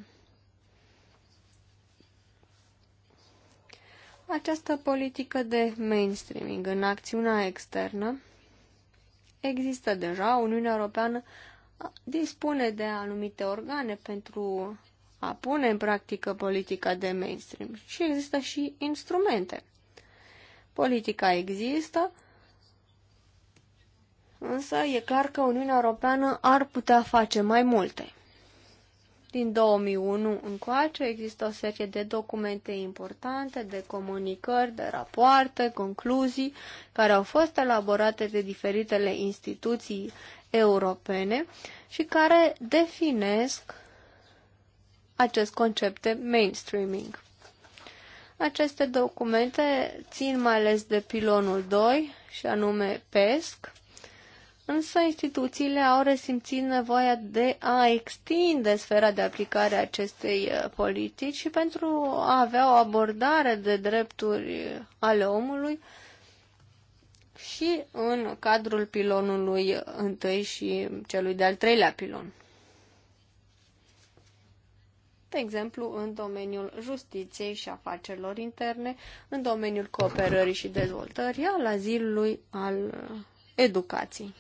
Această politică de mainstreaming în acțiunea externă există deja. Uniunea Europeană dispune de anumite organe pentru a pune în practică politica de mainstream și există și instrumente. Politica există, însă e clar că Uniunea Europeană ar putea face mai multe. Din 2001 încoace există o serie de documente importante, de comunicări, de rapoarte, concluzii, care au fost elaborate de diferitele instituții europene și care definesc acest concept de mainstreaming. Aceste documente țin mai ales de pilonul 2, și anume PESC, însă instituțiile au resimțit nevoia de a extinde sfera de aplicare a acestei uh, politici și pentru a avea o abordare de drepturi uh, ale omului și în cadrul pilonului uh, întâi și celui de-al treilea pilon de exemplu în domeniul justiției și afacerilor interne, în domeniul cooperării și dezvoltării, al azilului, al educației.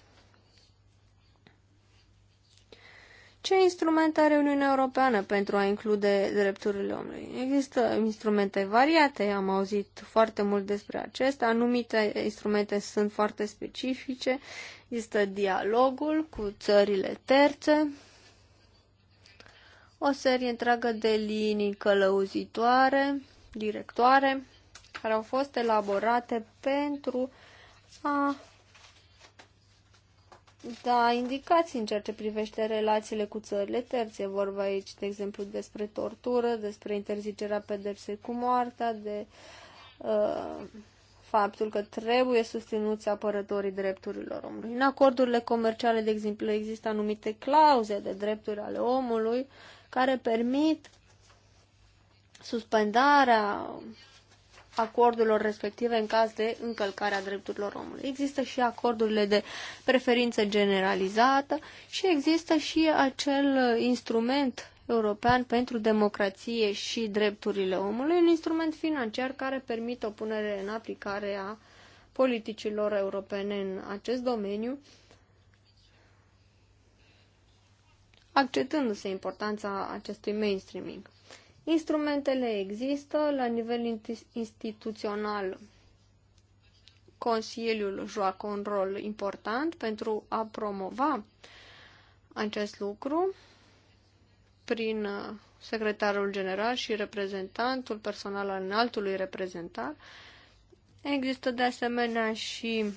Ce instrumente are Uniunea Europeană pentru a include drepturile omului? Există instrumente variate, am auzit foarte mult despre acestea, anumite instrumente sunt foarte specifice, există dialogul cu țările terțe, o serie întreagă de linii călăuzitoare, directoare, care au fost elaborate pentru a da indicații în ceea ce privește relațiile cu țările terțe. Vorba aici, de exemplu, despre tortură, despre interzicerea pedepsei cu moartea, de uh, faptul că trebuie susținuți apărătorii drepturilor omului. În acordurile comerciale, de exemplu, există anumite clauze de drepturi ale omului care permit suspendarea acordurilor respective în caz de încălcare a drepturilor omului. Există și acordurile de preferință generalizată și există și acel instrument european pentru democrație și drepturile omului, un instrument financiar care permite o punere în aplicare a politicilor europene în acest domeniu acceptându-se importanța acestui mainstreaming. Instrumentele există la nivel instituțional. Consiliul joacă un rol important pentru a promova acest lucru prin uh, secretarul general și reprezentantul personal al înaltului reprezentant. Există de asemenea și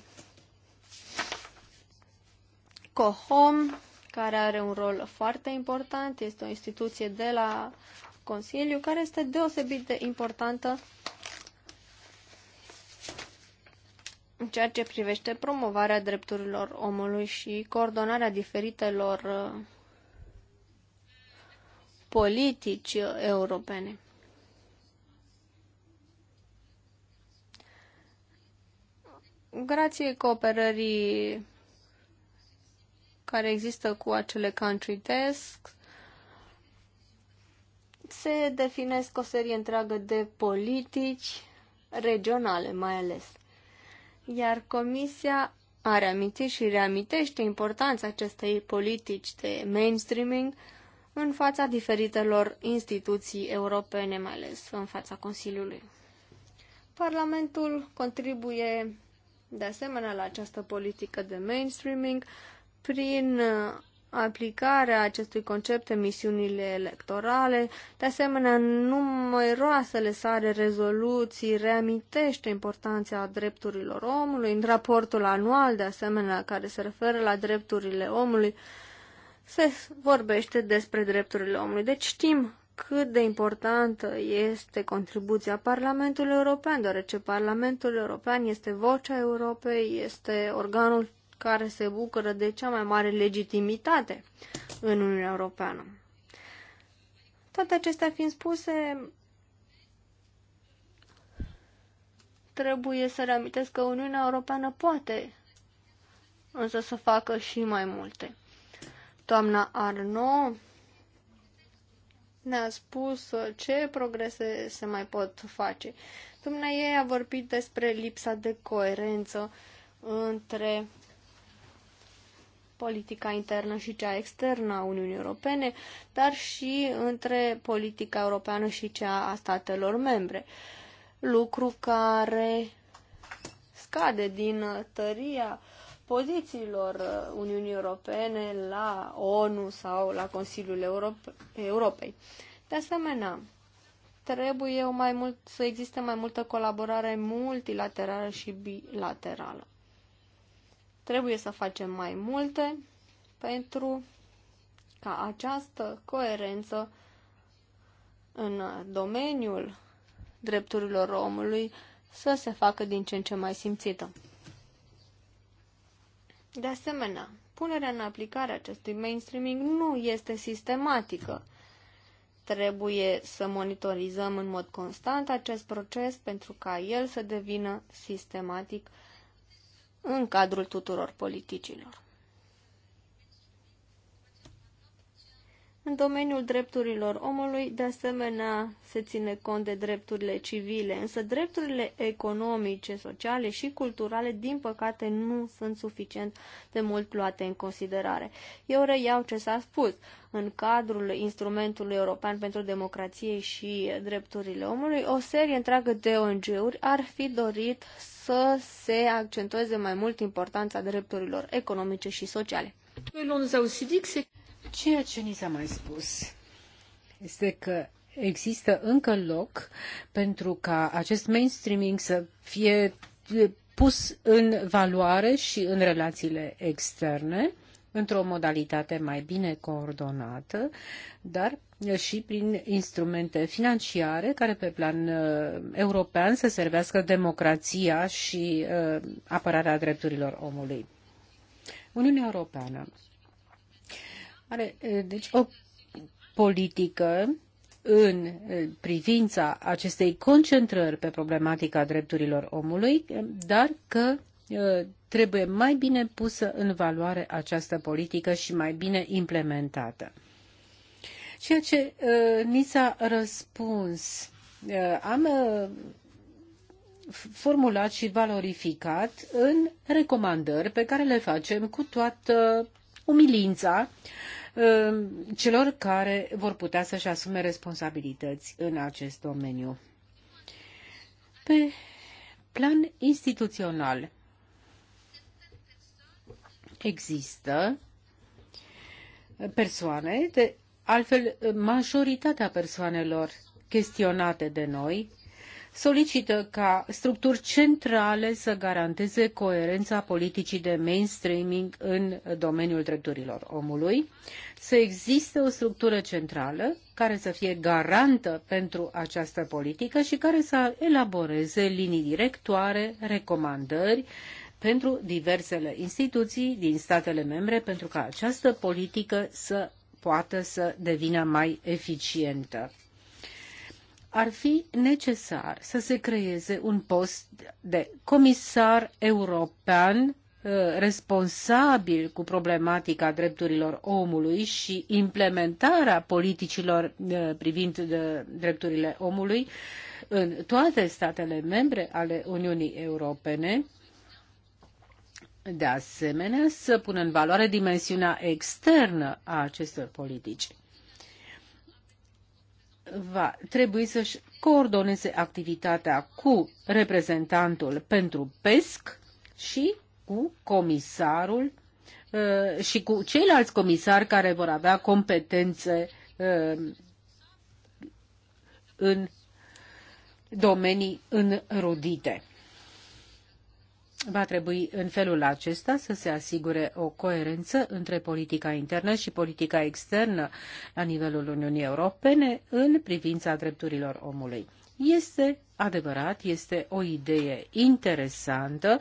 COHOM, care are un rol foarte important, este o instituție de la Consiliu, care este deosebit de importantă în ceea ce privește promovarea drepturilor omului și coordonarea diferitelor uh, politici uh, europene. Grație cooperării care există cu acele country desks, se definesc o serie întreagă de politici regionale mai ales. Iar Comisia a reamintit și reamintește importanța acestei politici de mainstreaming în fața diferitelor instituții europene, mai ales în fața Consiliului. Parlamentul contribuie de asemenea la această politică de mainstreaming prin uh, aplicarea acestui concept în misiunile electorale. De asemenea, numeroasele sale rezoluții reamintește importanța drepturilor omului. În raportul anual, de asemenea, care se referă la drepturile omului, se vorbește despre drepturile omului. Deci știm cât de importantă este contribuția Parlamentului European, deoarece Parlamentul European este vocea Europei, este organul care se bucură de cea mai mare legitimitate în Uniunea Europeană. Toate acestea fiind spuse, trebuie să reamintesc că Uniunea Europeană poate însă să facă și mai multe. Doamna Arno ne-a spus ce progrese se mai pot face. Dumnezeu ei a vorbit despre lipsa de coerență între politica internă și cea externă a Uniunii Europene, dar și între politica europeană și cea a statelor membre. Lucru care scade din tăria pozițiilor Uniunii Europene la ONU sau la Consiliul Europe Europei. De asemenea, trebuie o mai mult, să existe mai multă colaborare multilaterală și bilaterală. Trebuie să facem mai multe pentru ca această coerență în domeniul drepturilor omului să se facă din ce în ce mai simțită. De asemenea, punerea în aplicare acestui mainstreaming nu este sistematică. Trebuie să monitorizăm în mod constant acest proces pentru ca el să devină sistematic în cadrul tuturor politicilor. În domeniul drepturilor omului, de asemenea, se ține cont de drepturile civile, însă drepturile economice, sociale și culturale, din păcate, nu sunt suficient de mult luate în considerare. Eu reiau ce s-a spus. În cadrul instrumentului european pentru democrație și drepturile omului, o serie întreagă de ONG-uri ar fi dorit să se accentueze mai mult importanța drepturilor economice și sociale. Ceea ce ni s-a mai spus este că există încă loc pentru ca acest mainstreaming să fie pus în valoare și în relațiile externe într-o modalitate mai bine coordonată, dar și prin instrumente financiare care pe plan uh, european să servească democrația și uh, apărarea drepturilor omului. Uniunea Europeană are uh, deci o politică în uh, privința acestei concentrări pe problematica drepturilor omului, dar că uh, trebuie mai bine pusă în valoare această politică și mai bine implementată. Ceea ce uh, ni s-a răspuns, uh, am uh, formulat și valorificat în recomandări pe care le facem cu toată umilința uh, celor care vor putea să-și asume responsabilități în acest domeniu. Pe plan instituțional, există persoane, de altfel majoritatea persoanelor chestionate de noi, solicită ca structuri centrale să garanteze coerența politicii de mainstreaming în domeniul drepturilor omului, să existe o structură centrală care să fie garantă pentru această politică și care să elaboreze linii directoare, recomandări pentru diversele instituții din statele membre pentru ca această politică să poată să devină mai eficientă. Ar fi necesar să se creeze un post de comisar european uh, responsabil cu problematica drepturilor omului și implementarea politicilor uh, privind uh, drepturile omului în toate statele membre ale Uniunii Europene, de asemenea, să pună în valoare dimensiunea externă a acestor politici. Va trebui să-și coordoneze activitatea cu reprezentantul pentru PESC și cu comisarul uh, și cu ceilalți comisari care vor avea competențe uh, în domenii înrudite va trebui în felul acesta să se asigure o coerență între politica internă și politica externă la nivelul Uniunii Europene în privința drepturilor omului. Este adevărat, este o idee interesantă.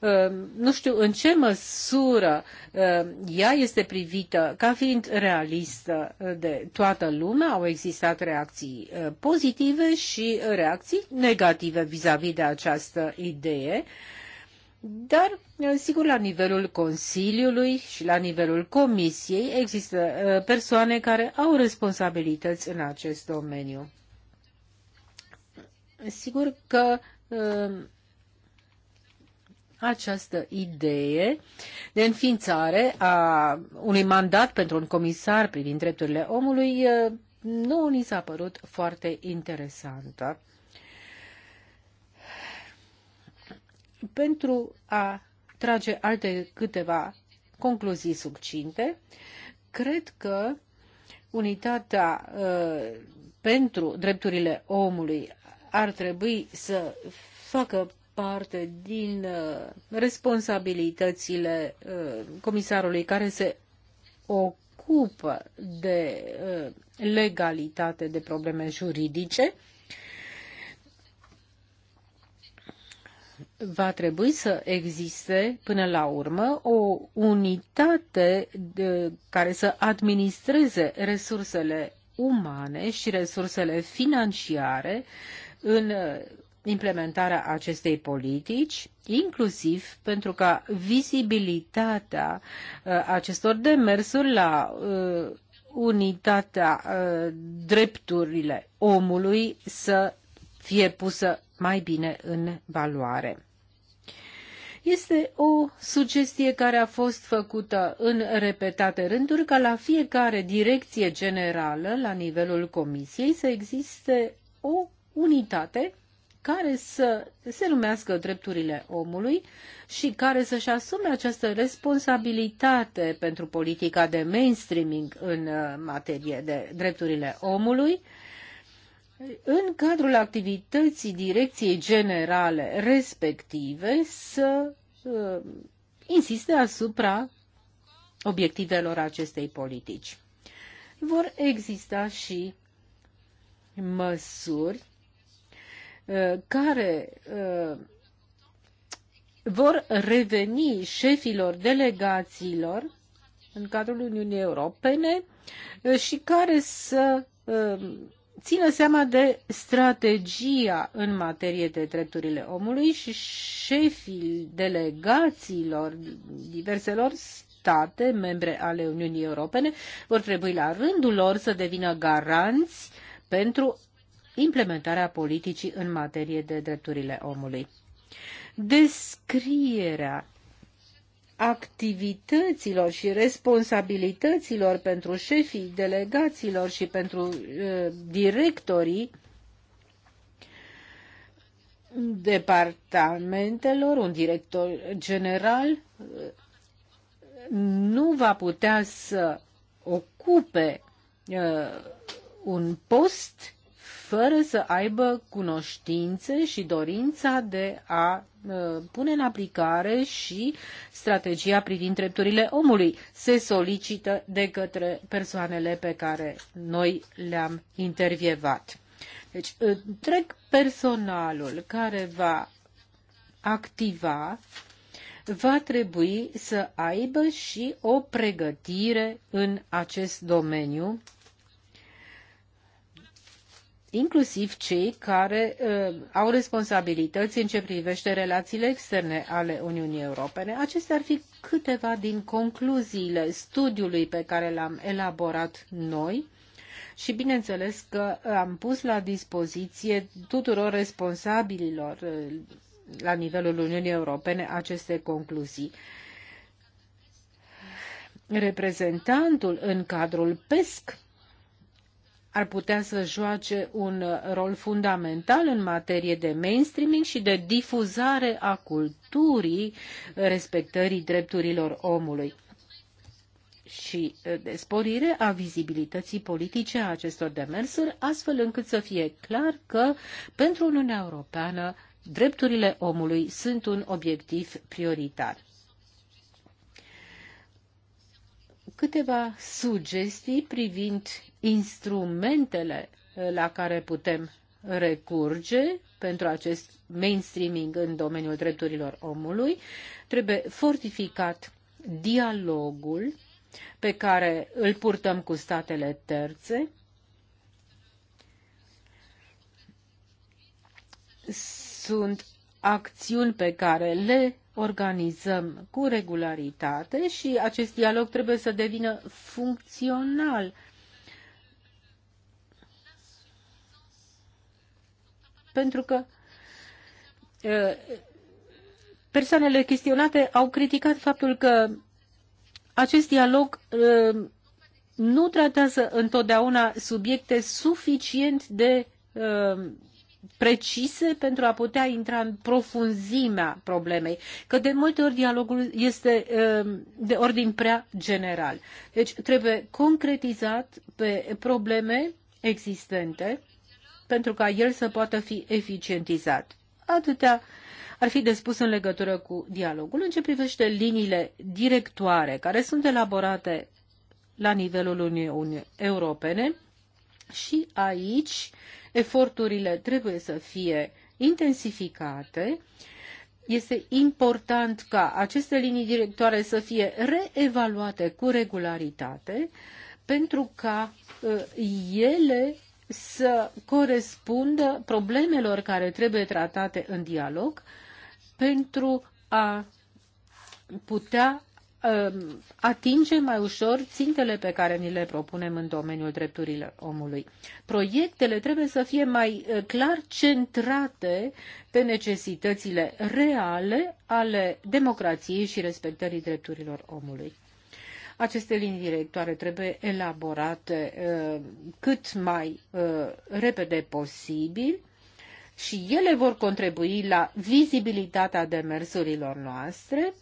Ehm, nu știu în ce măsură ehm, ea este privită ca fiind realistă de toată lumea. Au existat reacții ehm, pozitive și reacții negative vis-a-vis de această idee. Dar, sigur, la nivelul Consiliului și la nivelul Comisiei există persoane care au responsabilități în acest domeniu. Sigur că această idee de înființare a unui mandat pentru un comisar privind drepturile omului nu ni s-a părut foarte interesantă. Pentru a trage alte câteva concluzii succinte, cred că unitatea uh, pentru drepturile omului ar trebui să facă parte din uh, responsabilitățile uh, comisarului care se ocupă de uh, legalitate, de probleme juridice va trebui să existe până la urmă o unitate de, care să administreze resursele umane și resursele financiare în uh, implementarea acestei politici, inclusiv pentru ca vizibilitatea uh, acestor demersuri la uh, unitatea drepturile omului să fie pusă mai bine în valoare. Este o sugestie care a fost făcută în repetate rânduri ca la fiecare direcție generală la nivelul comisiei să existe o unitate care să se numească drepturile omului și care să-și asume această responsabilitate pentru politica de mainstreaming în uh, materie de drepturile omului în cadrul activității direcției generale respective să uh, insiste asupra obiectivelor acestei politici. Vor exista și măsuri uh, care uh, vor reveni șefilor delegațiilor în cadrul Uniunii Europene uh, și care să țină seama de strategia în materie de drepturile omului și șefii delegațiilor diverselor state membre ale Uniunii Europene vor trebui la rândul lor să devină garanți pentru implementarea politicii în materie de drepturile omului. Descrierea activităților și responsabilităților pentru șefii delegațiilor și pentru uh, directorii departamentelor, un director general nu va putea să ocupe uh, un post fără să aibă cunoștințe și dorința de a uh, pune în aplicare și strategia privind drepturile omului. Se solicită de către persoanele pe care noi le-am intervievat. Deci, întreg uh, personalul care va activa va trebui să aibă și o pregătire în acest domeniu inclusiv cei care uh, au responsabilități în ce privește relațiile externe ale Uniunii Europene. Acestea ar fi câteva din concluziile studiului pe care l-am elaborat noi și bineînțeles că am pus la dispoziție tuturor responsabililor uh, la nivelul Uniunii Europene aceste concluzii. Reprezentantul în cadrul PESC ar putea să joace un rol fundamental în materie de mainstreaming și de difuzare a culturii respectării drepturilor omului și de sporire a vizibilității politice a acestor demersuri, astfel încât să fie clar că pentru Uniunea Europeană drepturile omului sunt un obiectiv prioritar. câteva sugestii privind instrumentele eh, la care putem recurge pentru acest mainstreaming în domeniul drepturilor omului. Trebuie fortificat dialogul pe care îl purtăm cu statele terțe. Sunt acțiuni pe care le organizăm cu regularitate și acest dialog trebuie să devină funcțional. Pentru că uh, persoanele chestionate au criticat faptul că acest dialog uh, nu tratează întotdeauna subiecte suficient de uh, precise pentru a putea intra în profunzimea problemei, că de multe ori dialogul este ehm, de ordin prea general. Deci trebuie concretizat pe probleme existente pentru ca el să poată fi eficientizat. Atâtea ar fi de spus în legătură cu dialogul. În ce privește liniile directoare care sunt elaborate la nivelul Uniunii Europene, și aici Eforturile trebuie să fie intensificate. Este important ca aceste linii directoare să fie reevaluate cu regularitate pentru ca uh, ele să corespundă problemelor care trebuie tratate în dialog pentru a putea Um, atinge mai ușor țintele pe care ni le propunem în domeniul drepturilor omului. Proiectele trebuie să fie mai uh, clar centrate pe necesitățile reale ale democrației și respectării drepturilor omului. Aceste linii directoare trebuie elaborate uh, cât mai uh, repede posibil și ele vor contribui la vizibilitatea demersurilor noastre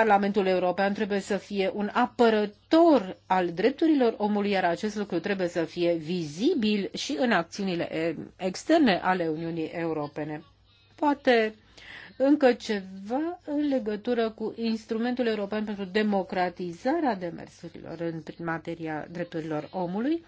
Parlamentul European trebuie să fie un apărător al drepturilor omului, iar acest lucru trebuie să fie vizibil și în acțiunile externe ale Uniunii Europene. Poate încă ceva în legătură cu instrumentul european pentru democratizarea demersurilor în materia drepturilor omului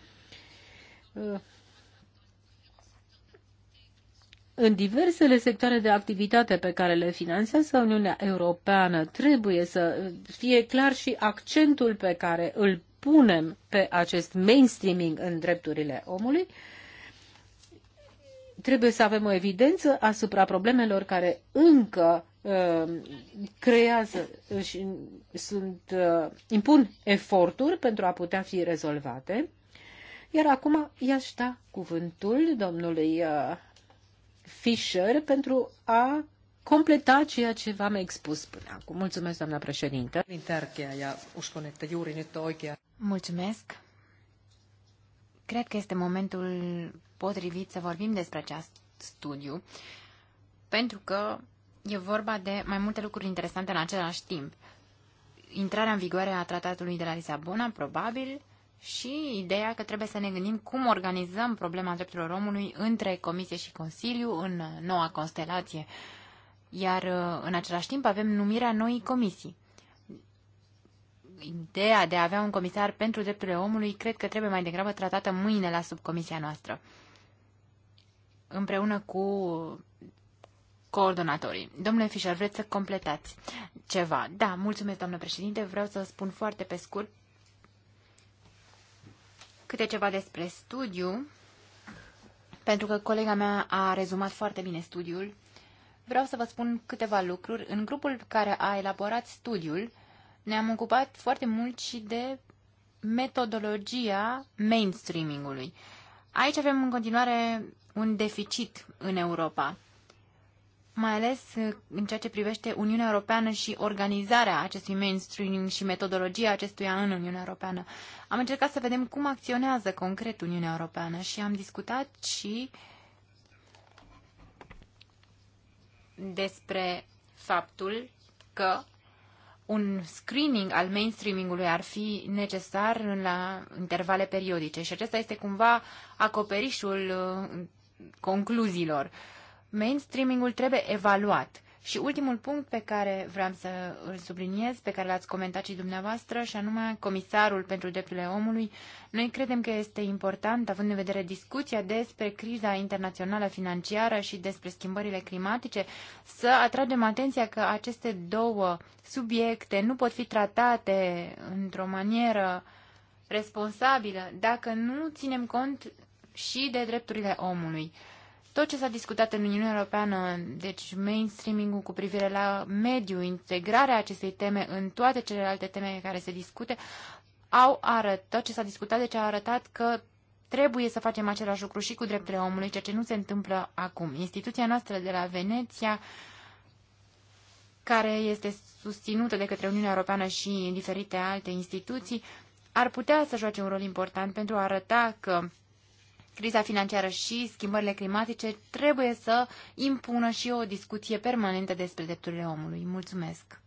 în diversele sectoare de activitate pe care le finanțează Uniunea Europeană trebuie să fie clar și accentul pe care îl punem pe acest mainstreaming în drepturile omului. Trebuie să avem o evidență asupra problemelor care încă uh, creează și sunt, uh, impun eforturi pentru a putea fi rezolvate. Iar acum i-aș da cuvântul domnului uh, Fischer pentru a completa ceea ce v-am expus până acum. Mulțumesc, doamna președintă. Mulțumesc. Cred că este momentul potrivit să vorbim despre acest studiu, pentru că e vorba de mai multe lucruri interesante în același timp. Intrarea în vigoare a tratatului de la Lisabona, probabil, și ideea că trebuie să ne gândim cum organizăm problema drepturilor omului între Comisie și Consiliu în noua constelație. Iar uh, în același timp avem numirea noii comisii. Ideea de a avea un comisar pentru drepturile omului cred că trebuie mai degrabă tratată mâine la subcomisia noastră, împreună cu coordonatorii. Domnule Fischer, vreți să completați ceva? Da, mulțumesc, doamnă președinte. Vreau să spun foarte pe scurt câte ceva despre studiu, pentru că colega mea a rezumat foarte bine studiul. Vreau să vă spun câteva lucruri. În grupul care a elaborat studiul, ne-am ocupat foarte mult și de metodologia mainstreamingului. Aici avem în continuare un deficit în Europa mai ales uh, în ceea ce privește Uniunea Europeană și organizarea acestui mainstreaming și metodologia acestuia în Uniunea Europeană. Am încercat să vedem cum acționează concret Uniunea Europeană și am discutat și despre faptul că un screening al mainstreamingului ar fi necesar la intervale periodice și acesta este cumva acoperișul uh, concluziilor. Uh, mainstreamingul trebuie evaluat. Și ultimul punct pe care vreau să îl subliniez, pe care l-ați comentat și dumneavoastră, și anume Comisarul pentru Drepturile Omului, noi credem că este important, având în vedere discuția despre criza internațională financiară și despre schimbările climatice, să atragem atenția că aceste două subiecte nu pot fi tratate într-o manieră responsabilă dacă nu ținem cont și de drepturile omului. Tot ce s-a discutat în Uniunea Europeană, deci mainstreaming-ul cu privire la mediu, integrarea acestei teme în toate celelalte teme care se discute, au arătat, tot ce s-a discutat, deci a arătat că trebuie să facem același lucru și cu drepturile omului, ceea ce nu se întâmplă acum. Instituția noastră de la Veneția, care este susținută de către Uniunea Europeană și diferite alte instituții, ar putea să joace un rol important pentru a arăta că criza financiară și schimbările climatice trebuie să impună și o discuție permanentă despre drepturile omului. Mulțumesc!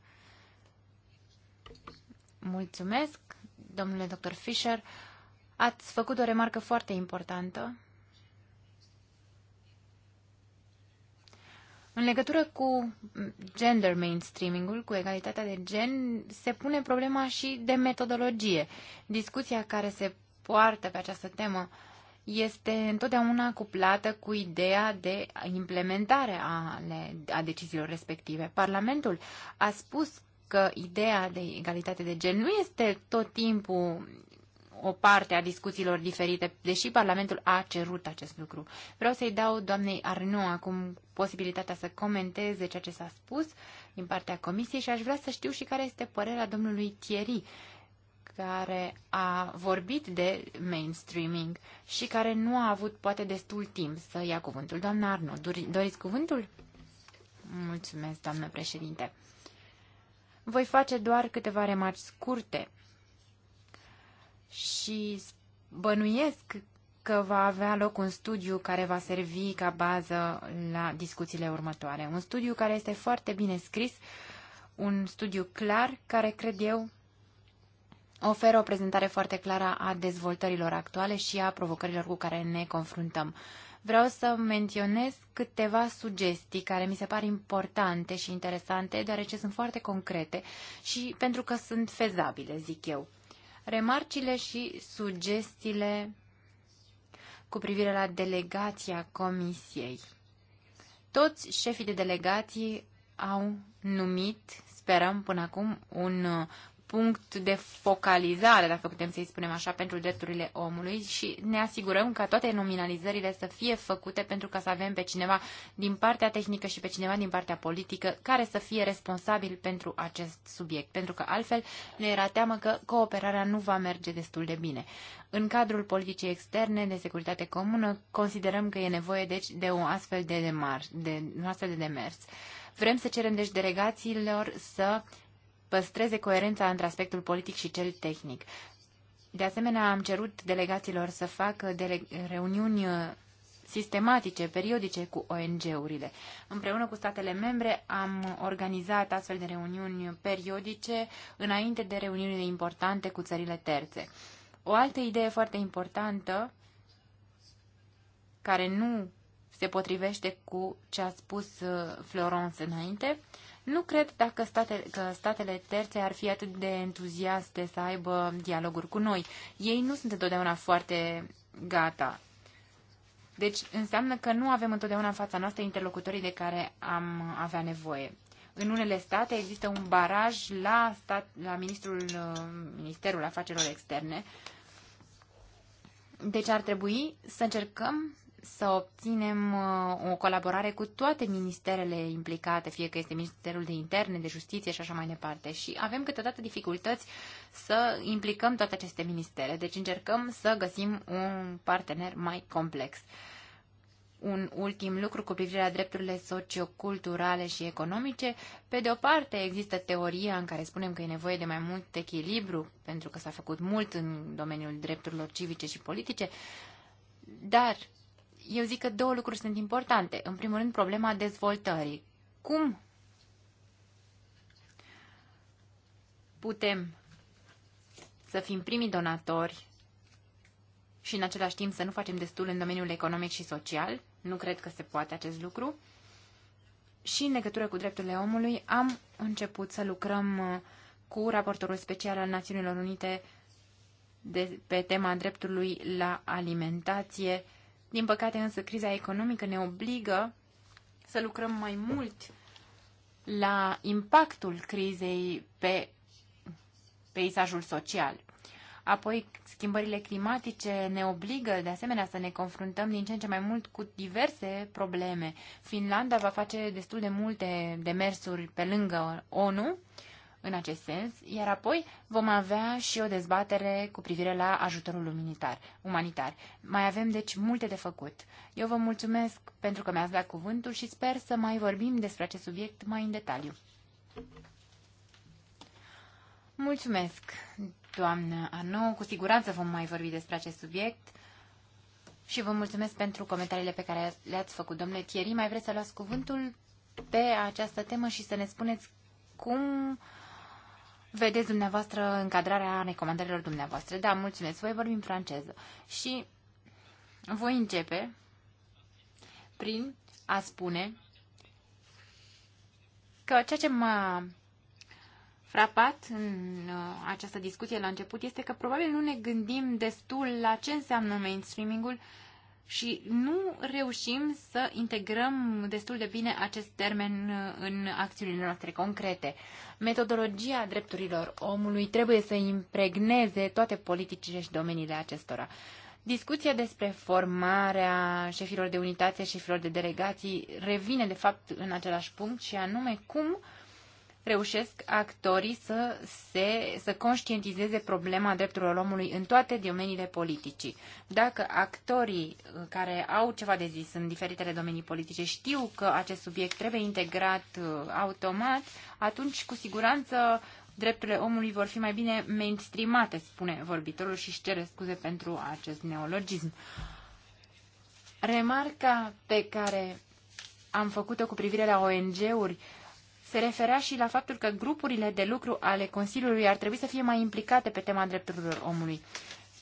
Mulțumesc, domnule dr. Fisher. Ați făcut o remarcă foarte importantă. În legătură cu gender mainstreaming-ul, cu egalitatea de gen, se pune problema și de metodologie. Discuția care se poartă pe această temă uh, este întotdeauna cuplată cu ideea de implementare a, a deciziilor respective. Parlamentul a spus că ideea de egalitate de gen nu este tot timpul o parte a discuțiilor diferite, deși Parlamentul a cerut acest lucru. Vreau să-i dau doamnei Arno acum posibilitatea să comenteze ceea ce s-a spus din partea Comisiei și aș vrea să știu și care este părerea domnului Thierry care a vorbit de mainstreaming și care nu a avut poate destul timp să ia cuvântul. Doamna Arno, doriți cuvântul? Mulțumesc, doamnă președinte. Voi face doar câteva remarci scurte și bănuiesc că va avea loc un studiu care va servi ca bază la discuțiile următoare. Un studiu care este foarte bine scris, un studiu clar care, cred eu, oferă o prezentare foarte clară a dezvoltărilor actuale și a provocărilor cu care ne confruntăm. Vreau să menționez câteva sugestii care mi se par importante și interesante, deoarece sunt foarte concrete și pentru că sunt fezabile, zic eu. Remarcile și sugestiile cu privire la delegația comisiei. Toți șefii de delegații au numit, sperăm până acum, un punct de focalizare, dacă putem să-i spunem așa, pentru drepturile omului și ne asigurăm ca toate nominalizările să fie făcute pentru ca să avem pe cineva din partea tehnică și pe cineva din partea politică care să fie responsabil pentru acest subiect, pentru că altfel ne era teamă că cooperarea nu va merge destul de bine. În cadrul politicii externe de securitate comună considerăm că e nevoie deci de un astfel de, demar, de, un astfel de demers. Vrem să cerem deci delegațiilor să păstreze coerența între aspectul politic și cel tehnic. De asemenea, am cerut delegaților să facă dele reuniuni uh, sistematice, periodice cu ONG-urile. Împreună cu statele membre am organizat astfel de reuniuni periodice înainte de reuniunile importante cu țările terțe. O altă idee foarte importantă care nu se potrivește cu ce a spus uh, Florence înainte, nu cred dacă state, că statele terțe ar fi atât de entuziaste să aibă dialoguri cu noi. Ei nu sunt întotdeauna foarte gata. Deci înseamnă că nu avem întotdeauna în fața noastră interlocutorii de care am avea nevoie. În unele state există un baraj la, stat, la ministrul, Ministerul Afacerilor Externe. Deci ar trebui să încercăm să obținem uh, o colaborare cu toate ministerele implicate, fie că este Ministerul de Interne, de Justiție și așa mai departe. Și avem câteodată dificultăți să implicăm toate aceste ministere, deci încercăm să găsim un partener mai complex. Un ultim lucru cu privire la drepturile socioculturale și economice. Pe de o parte există teoria în care spunem că e nevoie de mai mult echilibru, pentru că s-a făcut mult în domeniul drepturilor civice și politice, dar eu zic că două lucruri sunt importante. În primul rând, problema dezvoltării. Cum putem să fim primii donatori și în același timp să nu facem destul în domeniul economic și social? Nu cred că se poate acest lucru. Și în legătură cu drepturile omului am început să lucrăm uh, cu raportorul special al Națiunilor Unite de, pe tema dreptului la alimentație din păcate însă criza economică ne obligă să lucrăm mai mult la impactul crizei pe peisajul social. Apoi, schimbările climatice ne obligă, de asemenea, să ne confruntăm din ce în ce mai mult cu diverse probleme. Finlanda va face destul de multe demersuri pe lângă ONU în acest sens, iar apoi vom avea și o dezbatere cu privire la ajutorul umanitar. umanitar. Mai avem, deci, multe de făcut. Eu vă mulțumesc pentru că mi-ați dat cuvântul și sper să mai vorbim despre acest subiect mai în detaliu. Mulțumesc, doamnă Arno, Cu siguranță vom mai vorbi despre acest subiect. Și vă mulțumesc pentru comentariile pe care le-ați făcut. Domnule Thierry, mai vreți să luați cuvântul pe această temă și să ne spuneți cum vedeți dumneavoastră încadrarea recomandărilor dumneavoastră. Da, mulțumesc. Voi vorbi în franceză. Și voi începe prin a spune că ceea ce m-a frapat în uh, această discuție la început este că probabil nu ne gândim destul la ce înseamnă mainstreaming-ul și nu reușim să integrăm destul de bine acest termen uh, în acțiunile noastre concrete. Metodologia drepturilor omului trebuie să impregneze toate politicile și domeniile acestora. Discuția despre formarea șefilor de unitate, șefilor de delegații, revine de fapt în același punct și anume cum uh, reușesc actorii să, se, să conștientizeze problema drepturilor omului în toate domeniile politicii. Dacă actorii uh, care au ceva de zis în diferitele domenii politice știu că acest subiect trebuie integrat uh, automat, atunci cu siguranță drepturile omului vor fi mai bine mainstreamate, spune vorbitorul și își cere scuze pentru acest neologism. Remarca pe care am făcut-o cu privire la ONG-uri uh, se referea și la faptul că grupurile de lucru ale Consiliului ar trebui să fie mai implicate pe tema drepturilor omului.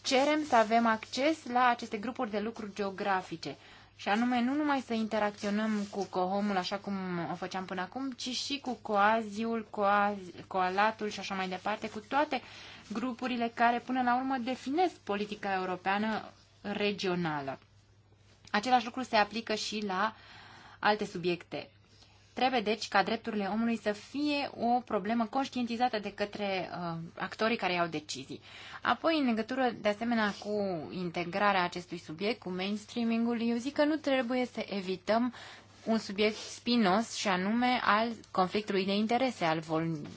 Cerem să avem acces la aceste grupuri de lucru geografice. Și anume, nu numai să interacționăm cu cohomul așa cum o făceam până acum, ci și cu coaziul, coaz, coalatul și așa mai departe, cu toate grupurile care până la urmă definesc politica europeană regională. Același lucru se aplică și la alte subiecte Trebuie deci ca drepturile omului să fie o problemă conștientizată de către uh, actorii care iau decizii. Apoi, în legătură de asemenea cu integrarea acestui subiect, cu mainstreaming-ul, eu zic că nu trebuie să evităm un subiect spinos și anume al conflictului de interese, al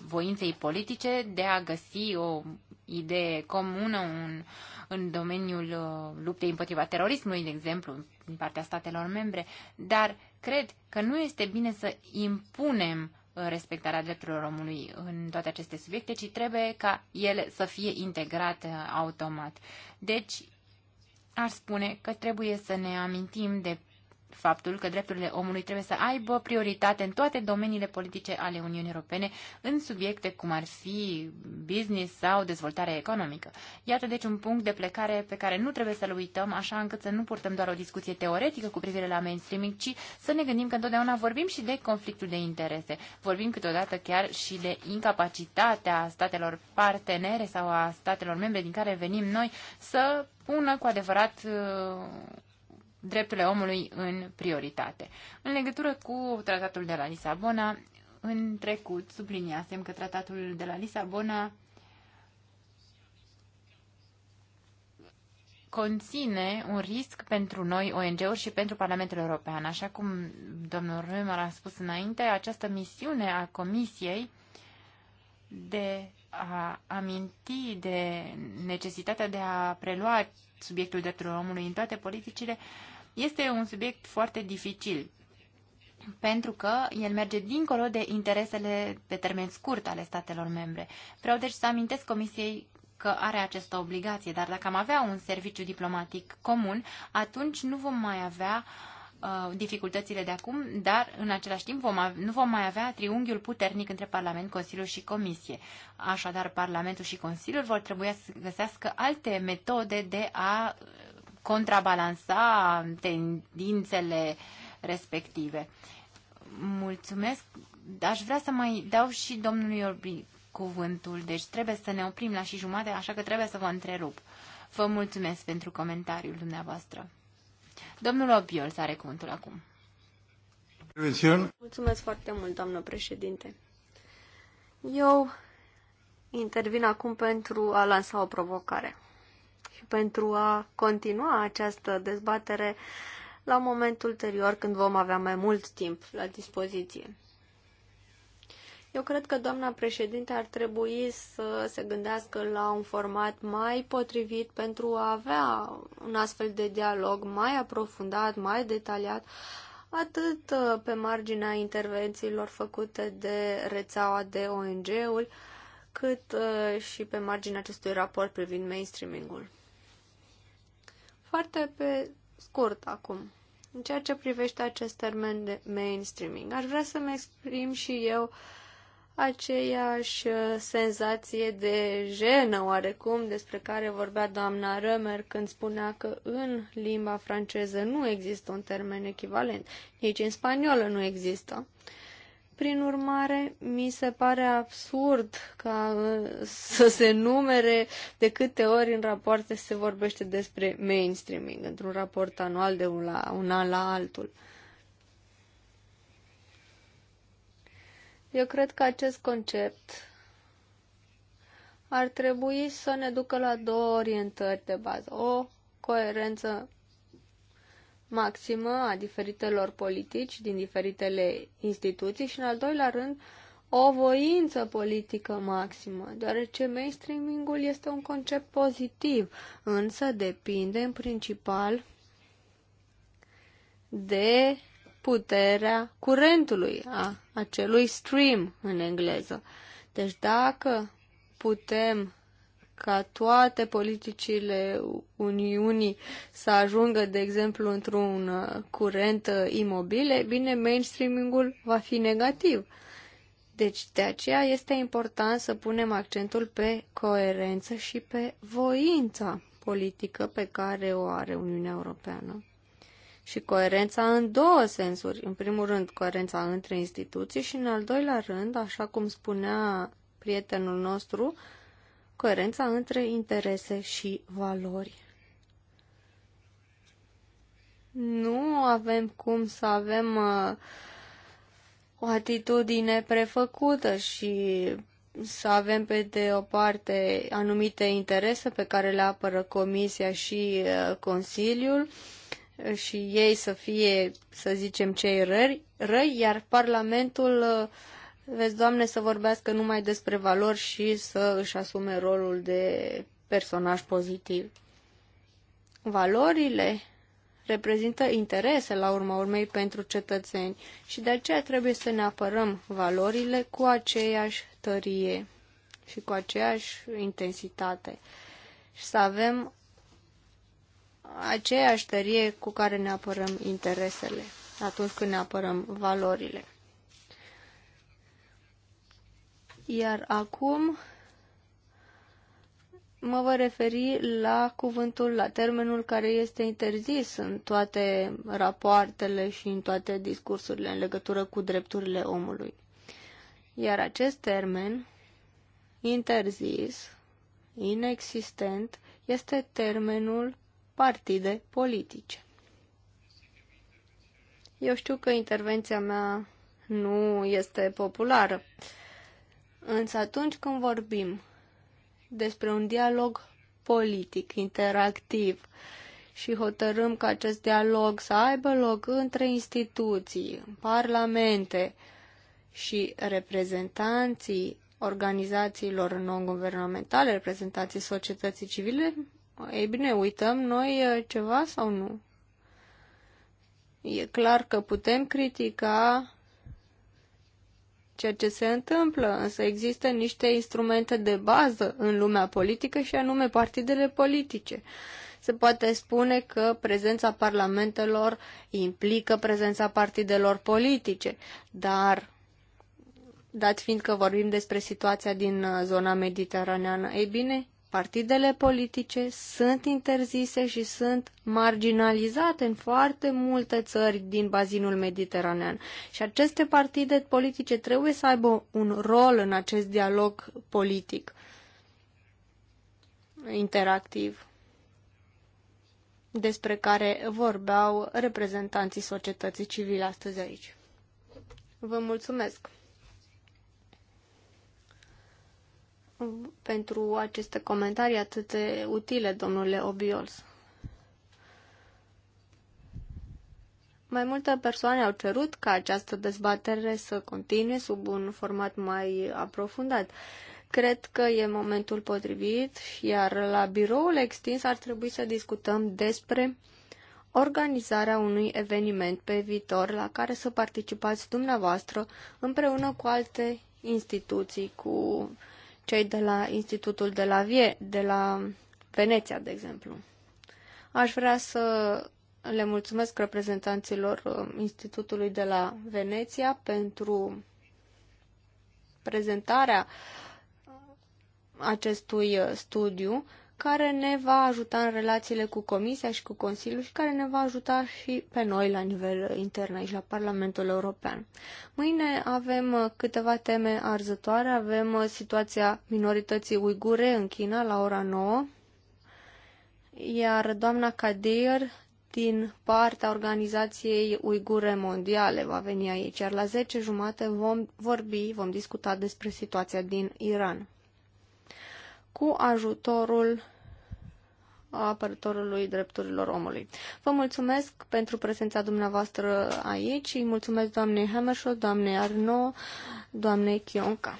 voinței politice de a găsi o idee comună, un, în domeniul uh, luptei împotriva terorismului, de exemplu, din partea statelor membre, dar Cred că nu este bine să impunem uh, respectarea drepturilor omului în toate aceste subiecte, ci trebuie ca ele să fie integrate uh, automat. Deci, ar spune că trebuie să ne amintim de faptul că drepturile omului trebuie să aibă prioritate în toate domeniile politice ale Uniunii Europene, în subiecte cum ar fi business sau dezvoltare economică. Iată deci un punct de plecare pe care nu trebuie să-l uităm, așa încât să nu purtăm doar o discuție teoretică cu privire la mainstreaming, ci să ne gândim că întotdeauna vorbim și de conflictul de interese. Vorbim câteodată chiar și de incapacitatea statelor partenere sau a statelor membre din care venim noi să pună cu adevărat drepturile omului în prioritate. În legătură cu tratatul de la Lisabona, în trecut subliniasem că tratatul de la Lisabona conține un risc pentru noi ONG-uri și pentru Parlamentul European. Așa cum domnul Römer a spus înainte, această misiune a Comisiei de a aminti de necesitatea de a prelua subiectul drepturilor omului în toate politicile este un subiect foarte dificil, pentru că el merge dincolo de interesele pe termen scurt ale statelor membre. Vreau deci să amintesc Comisiei că are această obligație, dar dacă am avea un serviciu diplomatic comun, atunci nu vom mai avea uh, dificultățile de acum, dar în același timp vom, nu vom mai avea triunghiul puternic între Parlament, Consiliu și Comisie. Așadar, Parlamentul și Consiliul vor trebui să găsească alte metode de a contrabalansa tendințele respective. Mulțumesc. Aș vrea să mai dau și domnului Orbi cuvântul, deci trebuie să ne oprim la și jumate, așa că trebuie să vă întrerup. Vă mulțumesc pentru comentariul dumneavoastră. Domnul Obiol are cuvântul acum. Mulțumesc foarte mult, doamnă președinte. Eu intervin acum pentru a lansa o provocare și pentru a continua această dezbatere la un moment ulterior când vom avea mai mult timp la dispoziție. Eu cred că doamna președinte ar trebui să se gândească la un format mai potrivit pentru a avea un astfel de dialog mai aprofundat, mai detaliat, atât uh, pe marginea intervențiilor făcute de rețeaua de ONG-uri, cât uh, și pe marginea acestui raport privind mainstreaming-ul. Foarte pe scurt acum, în ceea ce privește acest termen de mainstreaming, aș vrea să-mi exprim și eu aceeași uh, senzație de jenă oarecum despre care vorbea doamna Rămer când spunea că în limba franceză nu există un termen echivalent, nici în spaniolă nu există. Uh, prin urmare, mi se pare absurd ca uh, să se numere de câte ori în rapoarte se vorbește despre mainstreaming, într-un raport anual de un, la, un an la altul. Eu cred că acest concept ar trebui să ne ducă la două orientări de bază. O coerență maximă a diferitelor politici din diferitele instituții și, în al doilea rând, o voință politică maximă, deoarece mainstreaming-ul este un concept pozitiv, însă depinde în principal de puterea curentului, a acelui stream în engleză. Deci dacă putem ca toate politicile Uniunii să ajungă, de exemplu, într-un uh, curent uh, imobile, bine, mainstreamingul va fi negativ. Deci, de aceea este important să punem accentul pe coerență și pe voința politică pe care o are Uniunea Europeană. Și coerența în două sensuri. În primul rând, coerența între instituții și, în al doilea rând, așa cum spunea prietenul nostru, coerența între interese și valori. Nu avem cum să avem uh, o atitudine prefăcută și să avem pe de o parte anumite interese pe care le apără Comisia și uh, Consiliul și ei să fie, să zicem, cei răi, răi iar Parlamentul uh, vezi, Doamne, să vorbească numai despre valori și să își asume rolul de personaj pozitiv. Valorile reprezintă interese, la urma urmei, pentru cetățeni și de aceea trebuie să ne apărăm valorile cu aceeași tărie și cu aceeași intensitate și să avem aceeași tărie cu care ne apărăm interesele atunci când ne apărăm valorile. Iar acum mă voi referi la cuvântul, la termenul care este interzis în toate rapoartele și în toate discursurile în legătură cu drepturile omului. Iar acest termen interzis, inexistent, este termenul partide politice. Eu știu că intervenția mea nu este populară. Însă atunci când vorbim despre un dialog politic, interactiv, și hotărâm că acest dialog să aibă loc între instituții, parlamente și reprezentanții organizațiilor non-guvernamentale, reprezentanții societății civile, ei bine, uităm noi uh, ceva sau nu? E clar că putem critica ceea ce se întâmplă, însă există niște instrumente de bază în lumea politică și anume partidele politice. Se poate spune că prezența parlamentelor implică prezența partidelor politice, dar dat fiind că vorbim despre situația din uh, zona mediteraneană, ei bine, partidele politice sunt interzise și sunt marginalizate în foarte multe țări din bazinul mediteranean. Și aceste partide politice trebuie să aibă un rol în acest dialog politic interactiv despre care vorbeau reprezentanții societății civile astăzi aici. Vă mulțumesc! pentru aceste comentarii atât de utile, domnule Obiols. Mai multe persoane au cerut ca această dezbatere să continue sub un format mai aprofundat. Cred că e momentul potrivit, iar la biroul extins ar trebui să discutăm despre organizarea unui eveniment pe viitor la care să participați dumneavoastră împreună cu alte instituții, cu uh, cei de la Institutul de la, Vie, de la Veneția, de exemplu. Aș vrea să le mulțumesc reprezentanților uh, Institutului de la Veneția pentru prezentarea acestui uh, studiu care ne va ajuta în relațiile cu Comisia și cu Consiliul și care ne va ajuta și pe noi la nivel intern aici la Parlamentul European. Mâine avem uh, câteva teme arzătoare, avem uh, situația minorității uigure în China la ora 9, iar doamna Kadir din partea Organizației Uigure Mondiale va veni aici, iar la 10 jumate vom vorbi, vom discuta despre situația din Iran cu ajutorul apărătorului drepturilor omului. Vă mulțumesc pentru prezența dumneavoastră aici și mulțumesc doamnei Hammershot, doamnei Arno, doamnei Chionca.